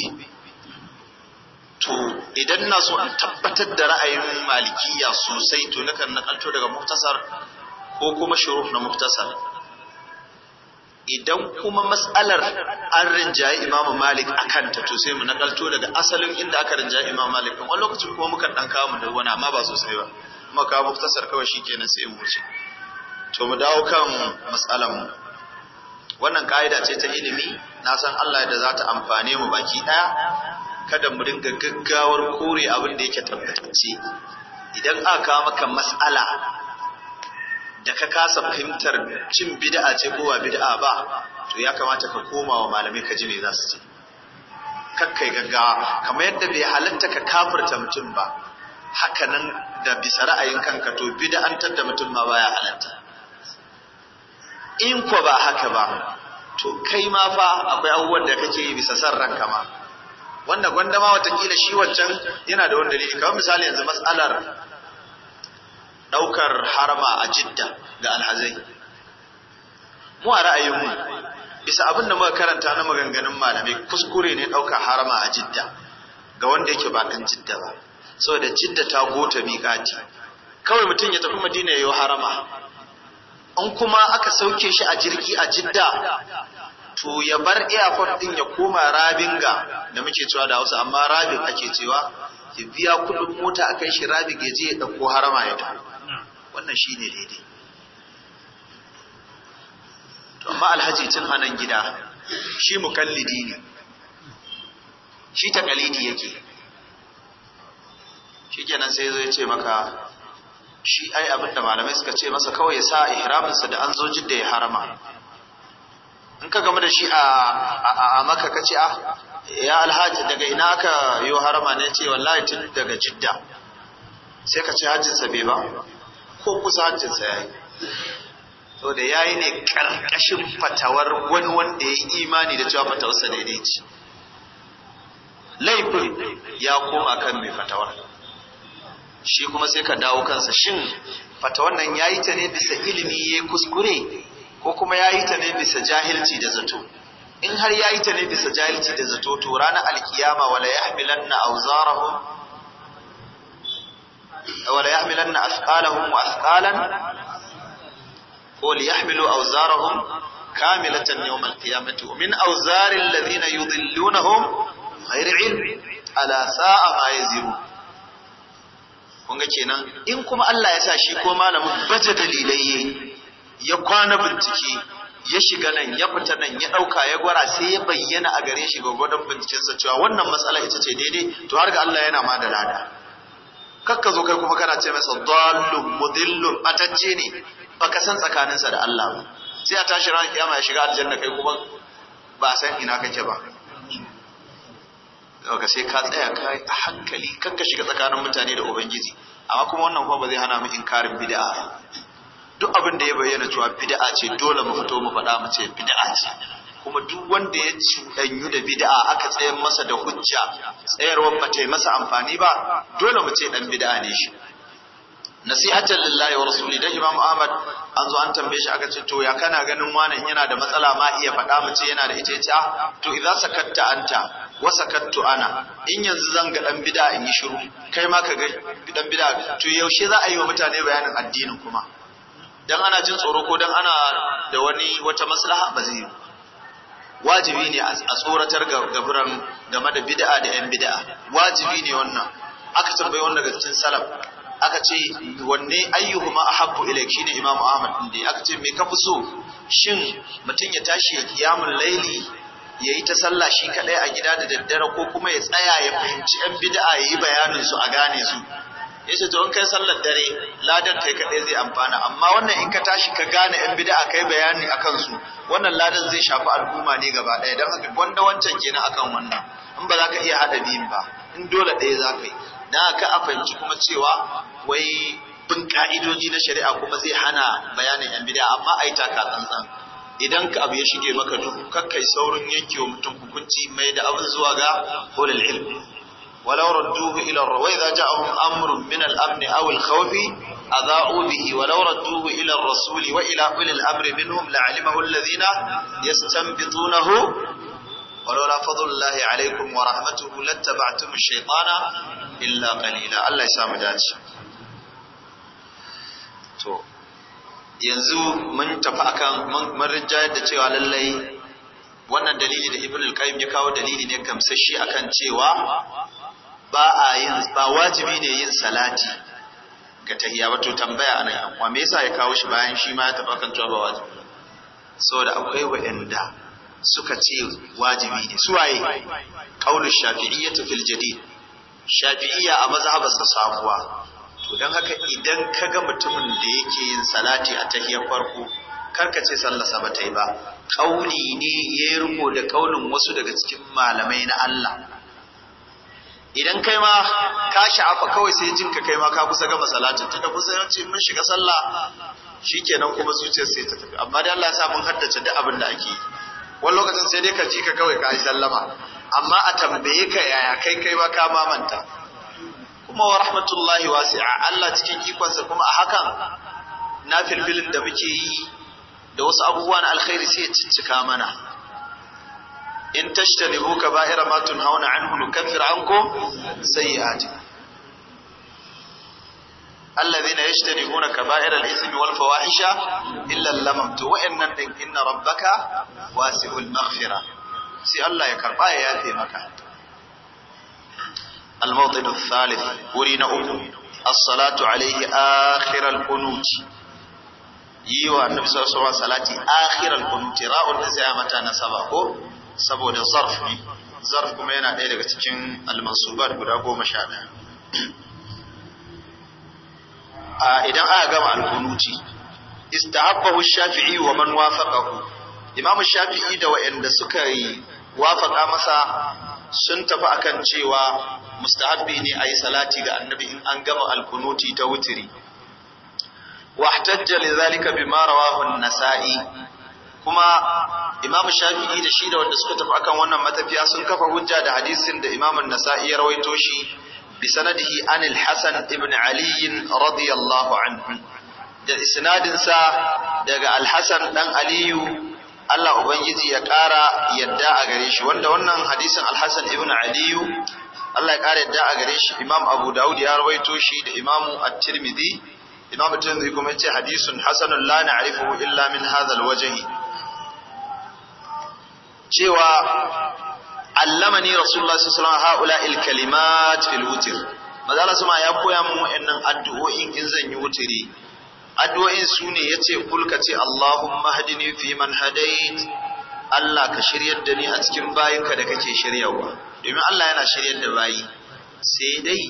to idan na so in tabbatar da ra'ayin malikiya sosai to nakan nakalto daga muhtasar ko kuma shuruf na muhtasar idan kuma matsalar an rinjaye imamu malik a kanta to sai mu nakalto daga asalin inda aka rinjaye imamu malik ɗin wani lokacin kuma muka ɗan kawo mu da wani amma ba sosai ba kuma kawo muktasar kawai shi kenan sai mu wuce to mu dawo kan matsalar mu wannan ka'ida ce ta ilimi na san Allah da za ta amfane mu baki ɗaya kada mu dinga gaggawar kore abin da yake tabbatacce idan aka maka matsala. da ka kasa fahimtar cin bid'a ce ko bid'a ba to ya kamata ka koma wa malamai ka ji me za su ce kakkai gaggawa kamar yadda bai halatta ka kafirta mutum ba haka nan da bisa ra'ayin kanka to bid'antar da mutum ma baya halatta in ko ba haka ba to kai ma fa akwai abubuwan da kake yi bisa san ranka ma wanda gwanda ma watakila shi wancan yana da wani dalili kamar misali yanzu matsalar ɗaukar harama a jidda ga alhazai mu a ra'ayinmu bisa abin da muka karanta na maganganun malamai kuskure ne ɗaukar harama a jidda ga wanda yake ba ɗan jidda ba saboda jidda ta gota miƙati kawai mutum ya tafi madina ya yi harama in kuma aka sauke shi a jirgi a jidda to ya bar airport ɗin ya koma ga, da muke cewa da Hausa amma rabin ake cewa ya biya kuɗin mota a akan shi rabin ya je ya dauko harama ya tafi wannan shi ne daidai to amma alhaji tun anan gida shi mukallidi ne shi takalidi yake shi kenan sai zo ya ce maka shi ai abin da malamai suka ce masa kawai ya sa ihraminsa da an zo jidda ya harama in ka gama da shi a maka kace a ah, ya alhaji daga ina aka yi harama ne ce wallahi tun daga jidda sai ka ce hajjinsa bai ba ko kusa hancinsa ya yi to da ya yi ne ƙarƙashin fatawar wani wanda ya yi imani da cewa fatawarsa daidai ce laifin ya koma kan mai fatawar shi kuma sai ka dawo kansa shin fatawar nan ya yi ta ne bisa ilimi ya kuskure ko kuma ya yi ta ne bisa jahilci da zato in har ya yi ta ne bisa jahilci da zato to ranar alkiyama wala ya hamilan wala yahmilanna asqalahum wa asqalan ko li yahmilu awzarahum kamilatan yawm al-qiyamati wa min awzari alladhina yudhillunahum ghayri ilmin kun ga kenan in kuma Allah ya sa shi ko malamin baje dalilai ya kwana bincike ya shiga nan ya fita nan ya dauka ya gwara sai ya bayyana a gare shi gwagwadon bincikensa cewa wannan matsala ita ce daidai to har ga Allah yana ma da lada kakka zo kai kuma kana ce masa dallu mudillu atacce ne baka san tsakaninsa da Allah ba sai a tashi ran kiyama ya shiga aljanna kai kuma ba san ina kake ba daga sai ka tsaya kai a hankali kakka shiga tsakanin mutane da ubangiji amma kuma wannan kuma ba zai hana mu inkarin bid'a duk abin da ya bayyana cewa bid'a ce dole mu fito mu faɗa mu ce bid'a ce kuma duk wanda ya ci ɗanyu da bid'a aka tsayar masa da hujja tsayarwar ba ta yi masa amfani ba dole mu ce dan bid'a ne shi nasihatan lillahi wa rasuli da imam ahmad an zo an tambaye shi aka ce to ya kana ganin wannan yana da matsala ma iya faɗa mu ce yana da ita ce ah to idza sakatta anta wa sakattu ana in yanzu zan ga dan bid'a in yi shiru kai ma ka ga dan bid'a to yaushe za a yi wa mutane bayanin addinin kuma dan ana jin tsoro ko dan ana da wani wata maslaha ba zai wajibi ne a tsoratar gaburan game da bid'a da yan bid'a wajibi ne wannan aka tambayi wannan daga cikin salaf aka ce wanne ayyuhuma ahabbu ilayki ne, imamu ahmad din aka ce me ka fi so shin mutum ya tashi ya kiyamul laili ya yi ta sallah shi kaɗai a gida da daddare ko kuma ya tsaya ya fahimci ‘yan bid'a ya yi bayanin su a gane su yace to in kai sallar dare ladan kai kadai zai amfana amma wannan in ka tashi ka gane yan bid'a kai bayani akan su wannan ladan zai shafi al'umma ne gaba daya dan haka wanda wancan kenan akan wannan in ba za ka iya hada biyun ba in dole ɗaya za ka yi dan haka a fahimci kuma cewa wai bin ka'idoji na shari'a kuma zai hana bayanin yan bid'a amma ai taka tsantsan idan ka abu ya shige maka duhu kakkai saurin yankewa mutum hukunci mai da abin zuwa ga ulul ilmi ولو ردوه إلى الر... وإذا جاءهم أمر من الأمن أو الخوف أذاعوا به ولو ردوه إلى الرسول وإلى أولي الأمر منهم لعلمه الذين يستنبطونه ولولا فضل الله عليكم ورحمته لاتبعتم الشيطان إلا قليلا الله يسامح داتي to yanzu mun tafi akan mun rinjayar da cewa lallai wannan dalili da ibn al-qayyim ya kawo dalili ne gamsashi akan cewa ba a yin ba wajibi ne yin salati ga tahiyya wato tambaya anan amma me yasa ya kawo shi bayan shi ma ya taba kan cewa ba wajibi saboda akwai wa'anda suka ce wajibi ne su waye qaulu shafi'iyyah fil jadid shafi'iyya a mazhabar sa sabuwa to dan haka idan kaga mutumin da yake yin salati a tahiyar farko kar ka ce sallarsa ba ta ba kauli ne ya yi da kaulin wasu daga cikin malamai na Allah idan kai ma ka sha'afa kawai sai jin ka kai ma ka kusa gama salatin tunda kusa yawanci mun shiga sallah shikenan kuma zuciyar sai ta tafi amma dai Allah ya sa mun haddace da abin da ake yi wani lokacin sai dai ka ji ka kawai ka yi sallama amma a tambaye ka yaya kai kai ma ka mamanta kuma wa rahmatullahi wasi'a Allah cikin ikonsa kuma a hakan na filfilin da muke yi da wasu abubuwan na alkhairi sai ya ciccika mana in tajtanibu kaba'ira ma tunhauna anhu nukaffir ankum sayyi'atikum alladhina yajtanibuna kaba'ira al-ithmi wal fawahisha illa lamam to wa'annan din inna rabbaka wasi'ul maghfira sai Allah ya karba ya yafe maka al-mawdin ath-thalith wuri uku as-salatu alayhi akhir al-qunut yiwa annabi sallallahu alaihi wasallam salati akhir al-qunut ra'un da sai mata nasaba ko saboda zarf ne zarf kuma yana ɗaya daga cikin almansubar guda goma sha ɗaya idan aka gama alkunuti istahabbahu shafi'i wa man wafaqahu imamu shafi'i da wa'anda suka yi wafaqa masa sun tafi akan cewa mustahabbi ne yi salati ga annabi in an gama alkunuti ta wutiri واحتج لذلك بما رواه Nasa'i. kuma imamu shafi'i da shi da wanda suka tafi akan wannan matafiya sun kafa hujja da hadisin da imamun nasa'i ya rawaito shi bi sanadihi anil hasan ibn ali radiyallahu anhu da isnadinsa daga alhassan dan aliyu Allah ubangiji ya ƙara yadda a gare shi wanda wannan hadisin alhassan ibn aliyu Allah ya ƙara yadda a gare shi imam abu daud ya rawaito shi da imamu at-tirmidhi imam at-tirmidhi kuma ya ce hadisun hasanun la na'rifuhu illa min hadha al-wajhi cewa allamani rasulullahi sallallahu alaihi wasallam haula'il kalimat fil wutr maza Allah sama ya koya mu wa'annan addu'o'in in zan yi wutiri addu'o'in sune yace kul ka ce Allahumma hadini fi man hadait Allah ka shiryar da ni a cikin bayinka da kake shiryawa domin Allah yana shiryar da bayi sai dai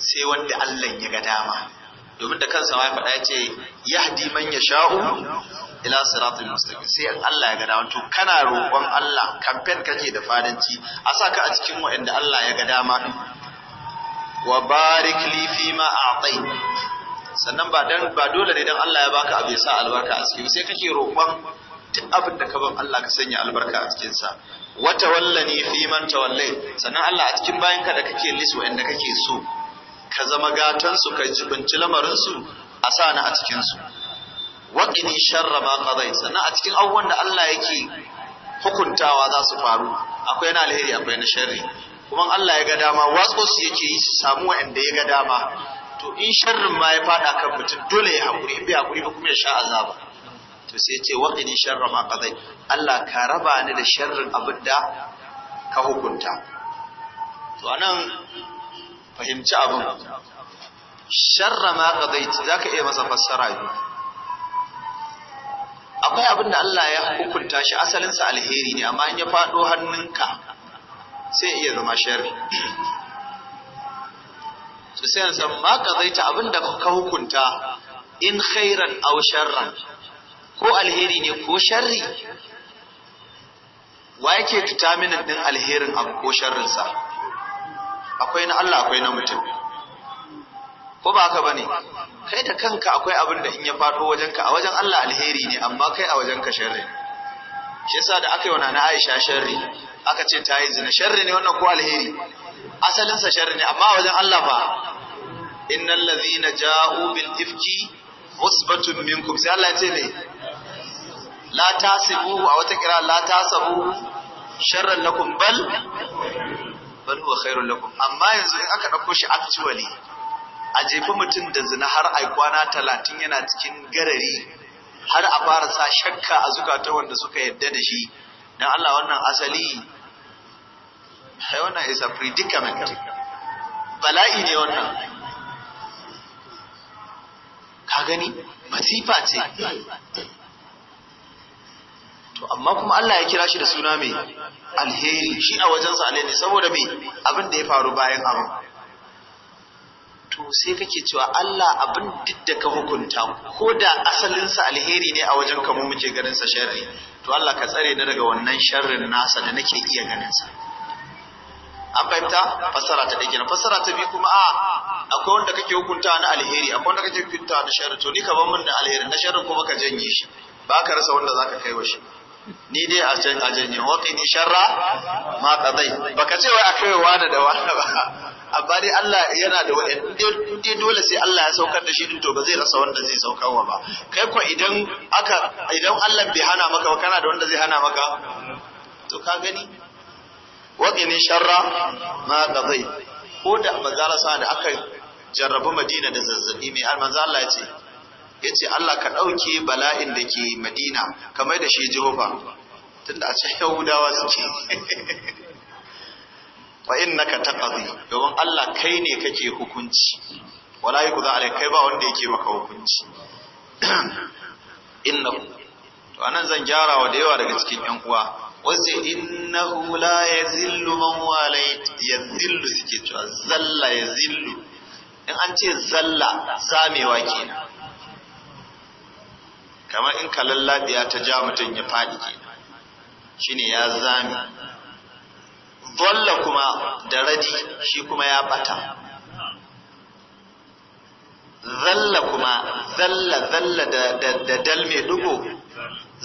sai wanda Allah ya ga dama domin da kansa ya faɗa ya ce yahdi man yasha'u ila siratul mustaqim sai Allah ya gada wato kana roƙon Allah kamfen kake da fadanci a saka a cikin wanda Allah ya ga dama wa barik li fi ma a'tai sannan ba dan ba dole ne dan Allah ya baka abin sa albarka a cikin sai kake roƙon duk abin da ka ban Allah ka sanya albarka a cikin sa wa tawallani fi man tawallai sannan Allah a cikin bayanka da kake lis waɗanda kake so ka zama gatansu ka jibinci lamarinsu a sa ni a cikinsu waƙini sharra ma qadai sannan a cikin abubuwan da Allah yake hukuntawa za su faru akwai na alheri akwai na sharri kuma Allah ya ga dama wasu su yake yi su samu wa'anda ya ga dama to in sharrin ma ya fada kan mutum dole ya haƙuri in bai haƙuri ba kuma ya sha azaba to sai ce waqini sharra ma qadai Allah ka raba ni da sharrin abin da ka hukunta to anan fahimci abin sharra ma za zaka iya masa fassara yi akwai abin da Allah ya hukunta shi asalinsa alheri ne amma in ya fado hannunka sai iya zama sharri su sai yansa ma qadaita abin da ka hukunta in khairan au sharran ko alheri ne ko sharri wa yake tutaminin din alherin abu ko sharrinsa? sa akwai na Allah akwai na mutum ko ba ka bane kai da kanka akwai abin da in ya faɗo wajenka a wajen Allah alheri ne amma kai a wajenka sharri shi yasa da aka yi wa na Aisha sharri aka ce ta yi zina sharri ne wannan ko alheri asalin sa sharri ne amma a wajen Allah fa innal ladhina ja'u bil ifki usbatun minkum sai Allah ya ce ne la tasibu a wata kira la tasabu sharran lakum bal bal huwa khairul lakum amma yanzu in aka dauko shi actually a jefi mutum da zina har ai kwana 30 yana cikin garari har a fara sa shakka a zukata wanda suka yadda da shi dan Allah wannan asali hayona is a predicament bala'i ne wannan ka gani masifa ce amma kuma Allah ya kira shi da suna mai alheri shi a wajensa alheri saboda mai abin da ya faru bayan abin to sai kake cewa Allah abin duk da ka hukunta ko da asalinsa alheri ne a wajen kamar muke ganin sa sharri to Allah ka tsare ni daga wannan sharrin nasa da nake iya ganin sa an fahimta fassara ta dake na fassara ta bi kuma a akwai wanda kake hukunta na alheri akwai wanda kake hukunta na sharri to ni ka bar min da alheri na sharri kuma ka janye shi ba ka rasa wanda zaka kai wa shi ni dai a can a janye ni sharra ma kadai baka ce wai akai wani da wani ba amma dai Allah yana da wa'in dai dole sai Allah ya saukar da shi din to ba zai rasa wanda zai saukar wa ba kai ko idan aka idan Allah bai hana maka ba kana da wanda zai hana maka to ka gani ni sharra ma kadai ko da manzala sa da aka jarrabu Madina da zazzabi mai manzala ya ce yace Allah ka ɗauke bala'in da ke Madina kamar da shi Jehova. tunda a cikin Yahudawa suke fa innaka taqdi domin Allah kai ne kake hukunci wala yuqda alai kai ba wanda yake maka hukunci innahu to anan zan gyara wa da yawa daga cikin yan uwa wasu innahu la yazillu man ya yazillu suke cewa zalla yazillu in an ce zalla samewa kenan kamar in ka lallabiya ta ja mutum ya faɗi ke shi ne ya zami Bolla kuma da radi shi kuma ya bata zalla kuma zalla zalla da, dal mai dugo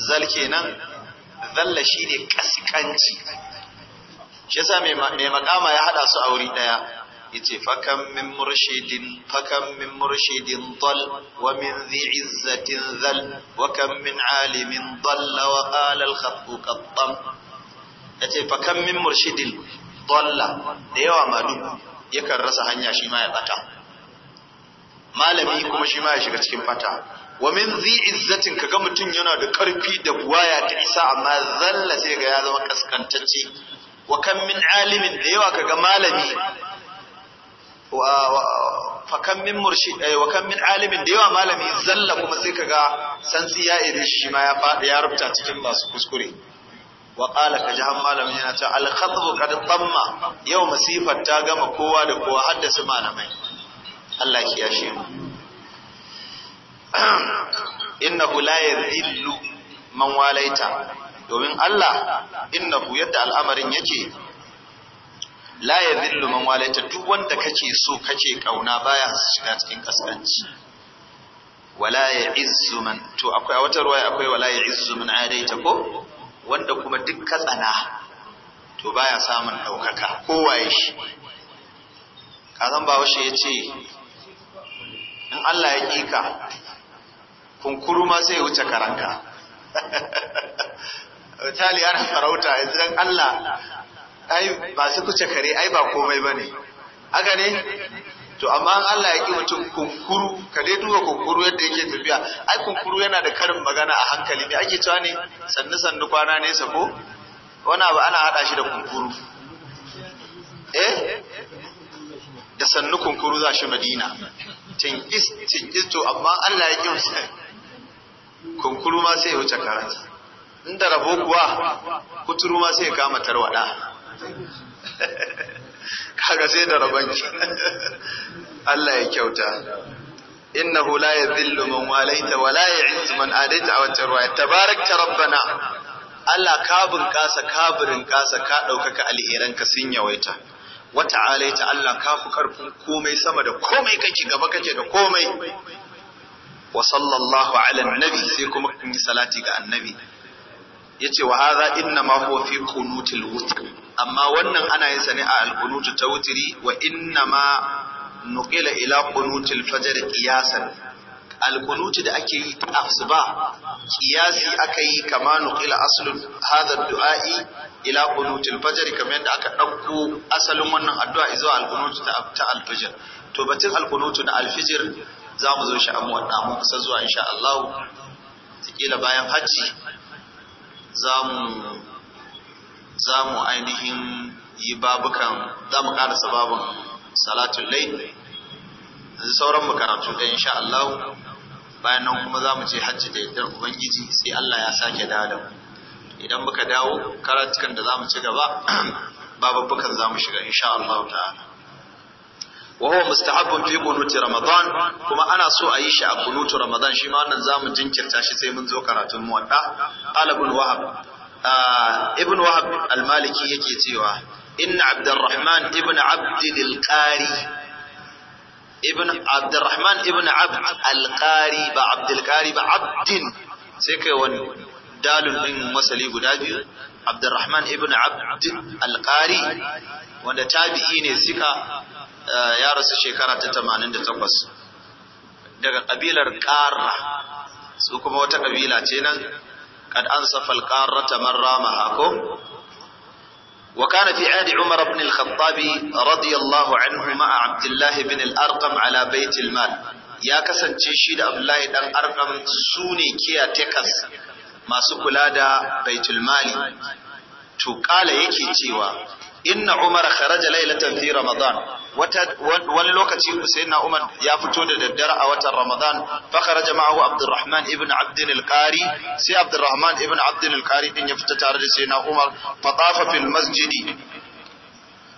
zal kenan zalla shi ne kaskanci shi yasa mai makama ya hada su a wuri daya yace fakam min murshidin fakam min murshidin dal wa min dhi izzatin dhal wa kam min alimin dalla wa qala al khatu qattam yace fakam min murshidin dalla da yawa madu yakan rasa hanya shi ma ya bata malami kuma shi ma ya shiga cikin fata wa min zi izzatin kaga mutun yana da karfi da buwaya ta isa amma zalla sai ga ya zama kaskantacce wa kan min alimin da yawa kaga malami fakan min murshid eh, wa kan min alimin da yawa malami zalla kuma sai kaga santsi ya ire shi ma ya faɗi ya rubuta cikin masu kuskure wa qala ka jahan malami yana ta al khatbu qad tamma yau masifar ta gama kowa da kowa haddasa malamai Allah ki yashe mu innahu la yadhillu man walaita domin Allah innahu yadda al'amarin yake la yadhillu man walaita duk wanda kake so kake kauna baya shiga cikin kaskanci wala izzu man to akwai wata ruwaya akwai wala ya izzu man adaita ko wanda kuma duk katsana to baya samun daukaka waye shi kazan ba washe yace in Allah ya kika kunkuru ma sai wuce karanka tali ana farauta idan Allah ai ba su kuce kare ai ba komai bane haka ne to amma Allah ya ki mutum kunkuru ka dai duba kunkuru yadda yake tafiya ai kunkuru yana da karin magana a hankali ne ake cewa ne sannu sannu kwana ne ko? wani abu ana hada shi da kunkuru eh da sannu kunkuru za shi madina tinkis tinkis to amma Allah ya ki mutum kunkuru ma sai ya wuce karatu da rabo kuwa kuturu ma sai ya kama tarwada kaga sai da rabanki Allah ya kyauta innahu la yadhillu man walaita wa la ya'izzu man adaita a wata ruwaya tabarakta rabbana Allah ka bunkasa ka kasa ka daukaka alheran ka sun yawaita wa ta'alaita Allah ka fi karfin komai sama da komai kake gaba kake da komai wa sallallahu ala nabi sai kuma kun yi salati ga annabi yace wa hadha inna ma huwa fi qunutil wutr amma wannan ana yin sa ne a al-qunutu tawtiri wa inna ma nuqila ila qunutil fajr qiyasan al-qunutu da ake yi ta asuba qiyasi aka yi kama nuqila aslun hadha du'ai ila qunutil fajr kamar yadda aka dauko asalin wannan addu'a zuwa al-qunutu ta al-fajr to batun al-qunutu na al-fajr za mu zo shi amma wannan mu kusa zuwa insha Allah kila bayan hajji za mu ainihin yi babukan za mu ƙarasa babun salatun lai sauran makarantu ɗaya insha Allah bayan nan kuma za mu ce hajji da yardar ubangiji sai Allah ya sake dawo da mu idan muka dawo karatukan da za mu ci gaba babukan za mu shiga insha Allah ta'ala wa huwa mustahabbun fi qunuti ramadan kuma ana so a yi shi a qunutu ramadan shi ma wannan zamu jinkirta shi sai mun zo karatun muwadda qala ibn wahab ibn wahab al-maliki yake cewa inna abdurrahman ibn abd al-qari ibn abdurrahman ibn ba abd al ba abdin sai kai wani dalun masali guda biyu abdurrahman ibn abd tabi'i ne sika Eh, ya rasu shekara ta 88 daga ƙabilar qarra su kuma wata kabila ce nan kad ansafa al-qarrata man ramaha ko وكان في adi umar بن الخطاب رضي الله عنه مع abdullahi ibn al الأرقم ala بيت المال ya kasance shi da Abdullahi dan Arqam su ne tekas masu kula da Baitul Mali to kala yake cewa inna umar kharaja lailatan fi ramadan wata wani lokaci sayyidina umar ya fito da daddare a watan ramadan fa kharaja ma'ahu abdurrahman ibn Abdin al-qari sai abdurrahman ibn Abdin al-qari din ya fita tare da sayyidina umar fa tafa fil masjidi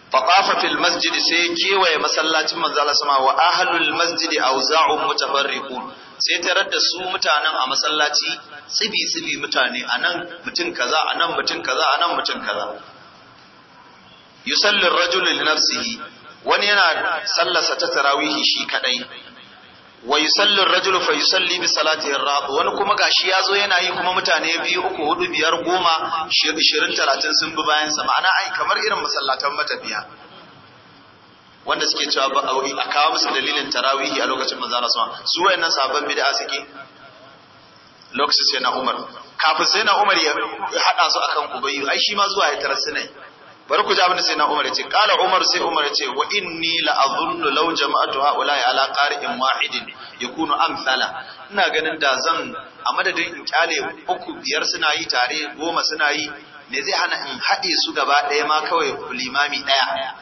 فطاف في المسجد سي كيوي مسلاتين منزل الله wa ahlul masjidi awza'un mutafarriqun sai tarar da su mutanen a masallaci tsibi tsibi mutane anan mutun kaza anan mutun kaza anan mutun kaza yusalli ar-rajulu li nafsihi wani yana sallasa ta tarawihi shi kadai wa yusalli ar-rajulu fa yusalli bi salatin ar wani kuma gashi yazo yana yi kuma mutane biyu uku hudu biyar goma ishirin talatin sun bi bayan sa ma'ana ai kamar irin masallatan matafiya wanda suke cewa ba a kawo musu dalilin tarawihi a lokacin manzo Allah su wayannan sabon bid'a suke lokacin sai na Umar kafin sai na Umar ya hada su akan Ubayyu ai shi ma zuwa ya tarasu ne. bari ku ji abin da sai na Umar ya ce qala Umar sai Umar ya ce wa inni la azunnu law jama'atu haula ala qari'in wahidin yakunu amsala ina ganin da zan a madadin in kyale uku biyar suna yi tare goma suna yi me zai hana in haɗe su gaba ɗaya ma kawai limami ɗaya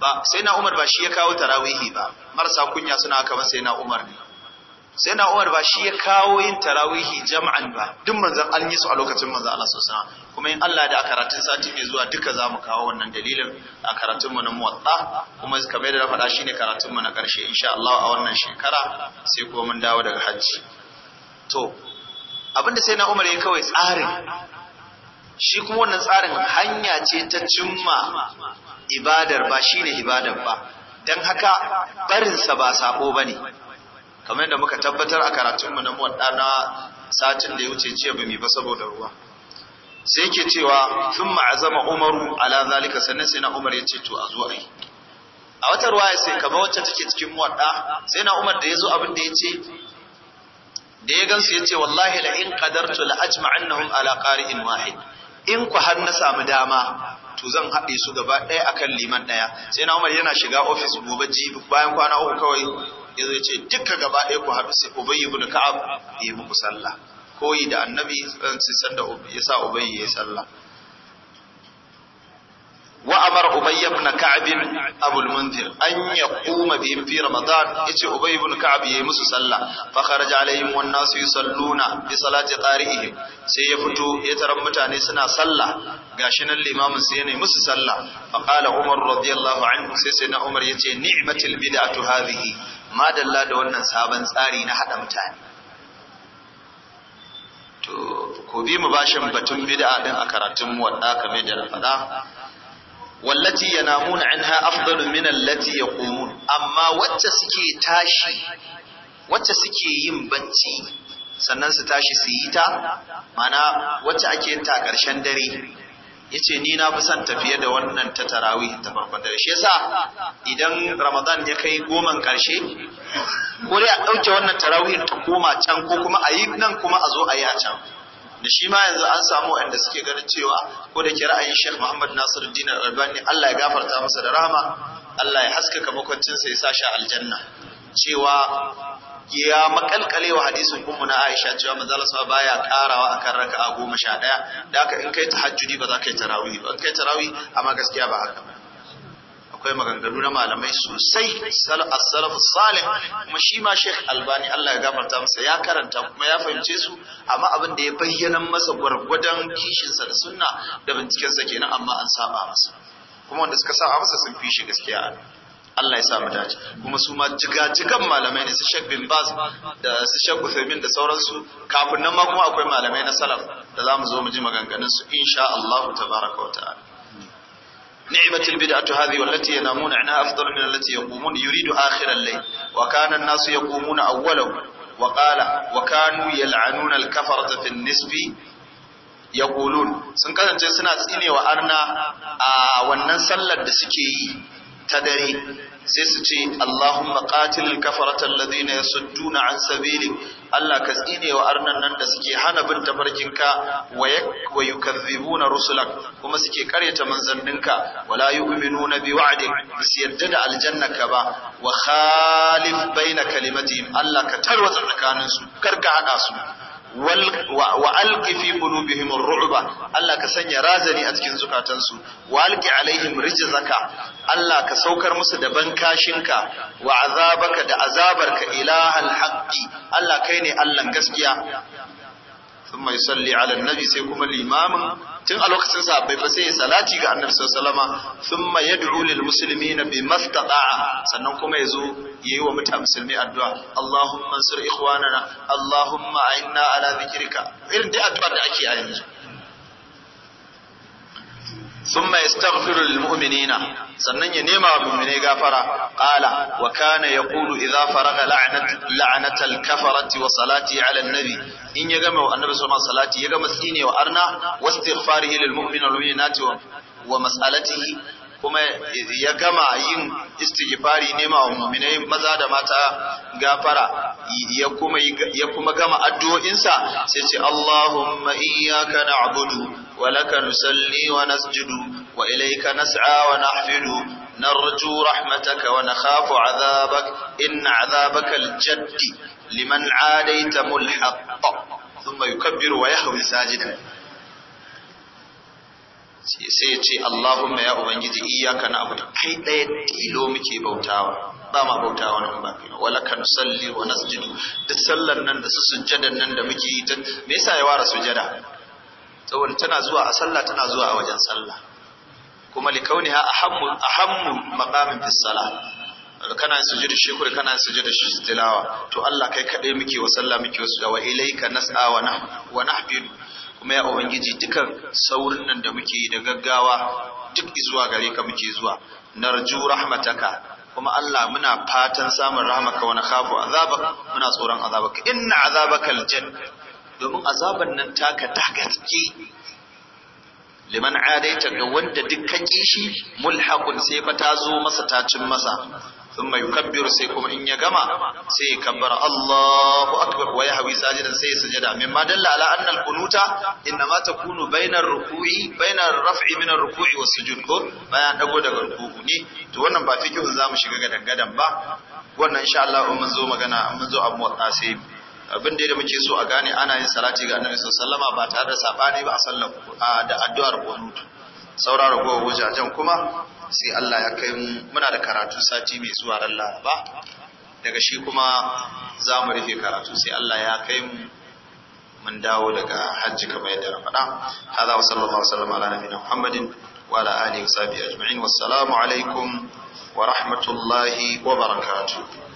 ba sai na Umar ba shi ya kawo tarawihi ba marasa kunya suna kaman sai na Umar ne sai na Umar ba shi ya kawo yin tarawihi jama'an ba duk manzan an yi su a lokacin manzan Allah sallallahu kuma in Allah da a karatun sati mai zuwa duka za mu kawo wannan dalilin a karatunmu na muwatta kuma kamar da na faɗa shine karatunmu na ƙarshe insha Allah a wannan shekara sai kuma mun dawo daga hajji to da sai na Umar ya kawai tsarin shi kuma wannan tsarin hanya ce ta cimma ibadar ba shine ibadar ba dan haka barinsa ba sabo bane kamar yadda muka tabbatar a karatun mu na muwatta na satin da ya wuce jiya ba mu ba saboda ruwa sai yake cewa sun ma'azama umaru ala zalika sannan sai na umar ya ce to a zo a yi a wata ruwaya sai kama wacce take cikin muwadda sai na umar da ya zo abin da ya ce da ya gansu ya ce wallahi la in qadartu la ajma'annahum ala qari'in wahid in ku har na samu dama to zan haɗe su gaba ɗaya akan liman ɗaya sai na umar yana shiga ofis gobe jibi bayan kwana uku kawai ya ce dukka gaba ɗaya ku haɗu sai ubayyi ibn ka'ab yi muku sallah koyi da annabi san da ya sa ubayy ya sallah wa amar ubay ibn ka'b abul munzir an kuma bihim fi ramadan yace ubay ibn ka'b yayi musu sallah fa kharaja alaihim wan nasu yusalluna bi salati qari'ihim sai ya fito ya tarar mutane suna sallah gashi nan limamin sai yana musu sallah fa qala umar radiyallahu anhu sai sai na umar yace ni'matul bid'atu hadhihi ma dalla da wannan sabon tsari na hada mutane to ko bi mu bashin batun bid'a din a karatun wadda kamar da na faɗa wallati yanamuna anha afdalu min allati yaqumun amma wacce suke tashi wacce suke yin bacci sannan su tashi su yi ta mana wacce ake yin ta ƙarshen dare Ya ce ni na fi son tafiye da wannan ta tarawi ta farkon dare shi yasa idan ramadan ya kai goman karshe ko dai a ɗauke wannan tarawi ta koma can ko kuma a yi nan kuma a zo a yi a can da shi ma yanzu an samu wanda suke ganin cewa ko da ke ra'ayin Sheikh Muhammad Nasiruddin Al-Albani Allah ya gafarta masa da rahama Allah ya haskaka makwancin sa ya sa shi aljanna cewa ya makalkale wa hadisin ummu na Aisha cewa manzo Allah baya karawa akan raka'a goma sha ɗaya da aka in kai tahajjudi ba za ka yi tarawih ba kai tarawih amma gaskiya ba haka ba akwai maganganu na malamai sosai as-salafus salih kuma shi ma Sheikh Albani Allah ya gafarta masa ya karanta kuma ya fahimce su amma abin da ya bayyana masa gurgudan kishin sa da sunna da binciken sa kenan amma an saba masa kuma wanda suka saba masa sun fi shi gaskiya Allah ya sa mu dace kuma su ma jigajigan malamai ne su Sheikh bin Baz da su Sheikh Uthaymeen da sauransu kafin nan ma kuma akwai malamai na salaf da zamu zo mu ji maganganun su insha Allah tabaraka wa ta'ala نعمة البدعة هذه والتي ينامون عنها أفضل من التي يقومون يريد آخر الليل وكان الناس يقومون أوله وقال وكانوا يلعنون الكفرة في النسب يقولون sun kasance suna tsinewa arna a wannan sallar da suke ta dare sai su ce Allahumma qatilil kafarata alladhina yasudduna an sabilik Allah ka tsine wa arnan nan da suke hana bin tafarkinka wa yukazzibuna rusulak kuma suke karyata manzanninka wala yu'minuna bi wa'dik su yadda da ka ba wa khalif baina kalimatihim Allah ka tarwata tsakaninsu karka hada su wa fi qulubihim ar Allah ka sanya razani a cikin zukatansu wa alqi alaihim rijzaka Allah ka saukar musu da bankashinka wa azabaka da azabarka ilahal haqqi Allah kai ne Allah gaskiya ثم يصلي على sai kuma Limamin. tun a lokacin sahabbai ba sai ya salati ga annabi sallallahu alaihi wasallam thumma yad'u lil muslimina bimastata'a sannan kuma yazo yayi wa mutane musulmi addu'a Allahumma ansur ikhwanana Allahumma a'inna ala dhikrika irin dai addu'ar da ake a yanzu summa yastaghfiru lil mu'minina sannan ya nema wa mu'mine gafara qala wa kana yaqulu idza faraga la'nat la'nat al kafarati wa salati ala an nabi in ya gama wa annabi sallallahu alaihi salati ya gama tsine wa arna wastighfarihi lil mu'minina wal mu'minati wa mas'alatihi kuma ya gama yin istighfari nema wa mu'minai maza da mata gafara ya kuma ya kuma gama addu'o'insa sai ce Allahumma iyyaka na'budu ولك نسلي ونسجد وإليك نسعى ونحفد نرجو رحمتك ونخاف عذابك إن عذابك الجد لمن عاديت ملحق ثم يكبر ويهوي ساجدا sai ya ce Allahumma ya Ubangiji iyaka na abu da kai ɗaya tilo muke bautawa ba ma bautawa nan ba wala kan salli wa nasjudu duk sallar nan da su sujjadan nan da muke yi me yasa ya wara sujjada saboda tana zuwa a sallah tana zuwa a wajen sallah kuma likauniha ahammu ahammu maqamin fi salah kana sujudi kure kana sujudi tilawa to Allah kai kadai muke wa sallah muke wasu wa ilayka nas'a wa nah wa nahbid kuma ya ubangiji dukan saurin nan da muke yi da gaggawa duk zuwa gare ka muke zuwa narju rahmataka kuma Allah muna fatan samun rahmaka wa nakhafu azabaka. muna tsoron azabaka inna azabaka aljanna domin azaban nan taka ta gaske liman adaita ga wanda dukkan kishi mulhaqun sai fa ta zo masa ta cin masa thumma yukabbiru sai kuma in ya gama sai ya kabbara Allahu akbar wa yahwi sajidan sai ya sujada mimma dalla ala anna al-qunuta inma takunu bainar ruku'i bainar raf'i min ar-ruku'i was sujud ko bayan dago daga ruku'u ne to wannan ba fikihun zamu shiga gadan gadan ba wannan insha Allah mun zo magana mun zo abu sai abin da muke so a gane ana yin salati ga annabi sallama ba tare da sabani ba a sallar da addu'ar kunutu saura ragowar wajajen kuma sai Allah ya kai muna da karatu sati mai zuwa ran Laraba daga shi kuma za mu rufe karatu sai Allah ya kai mu mun dawo daga hajji kamar yadda na faɗa hada wa sallallahu alaihi ala muhammadin wa ala alihi wa sahbihi ajma'in wassalamu alaikum wa rahmatullahi wa barakatuh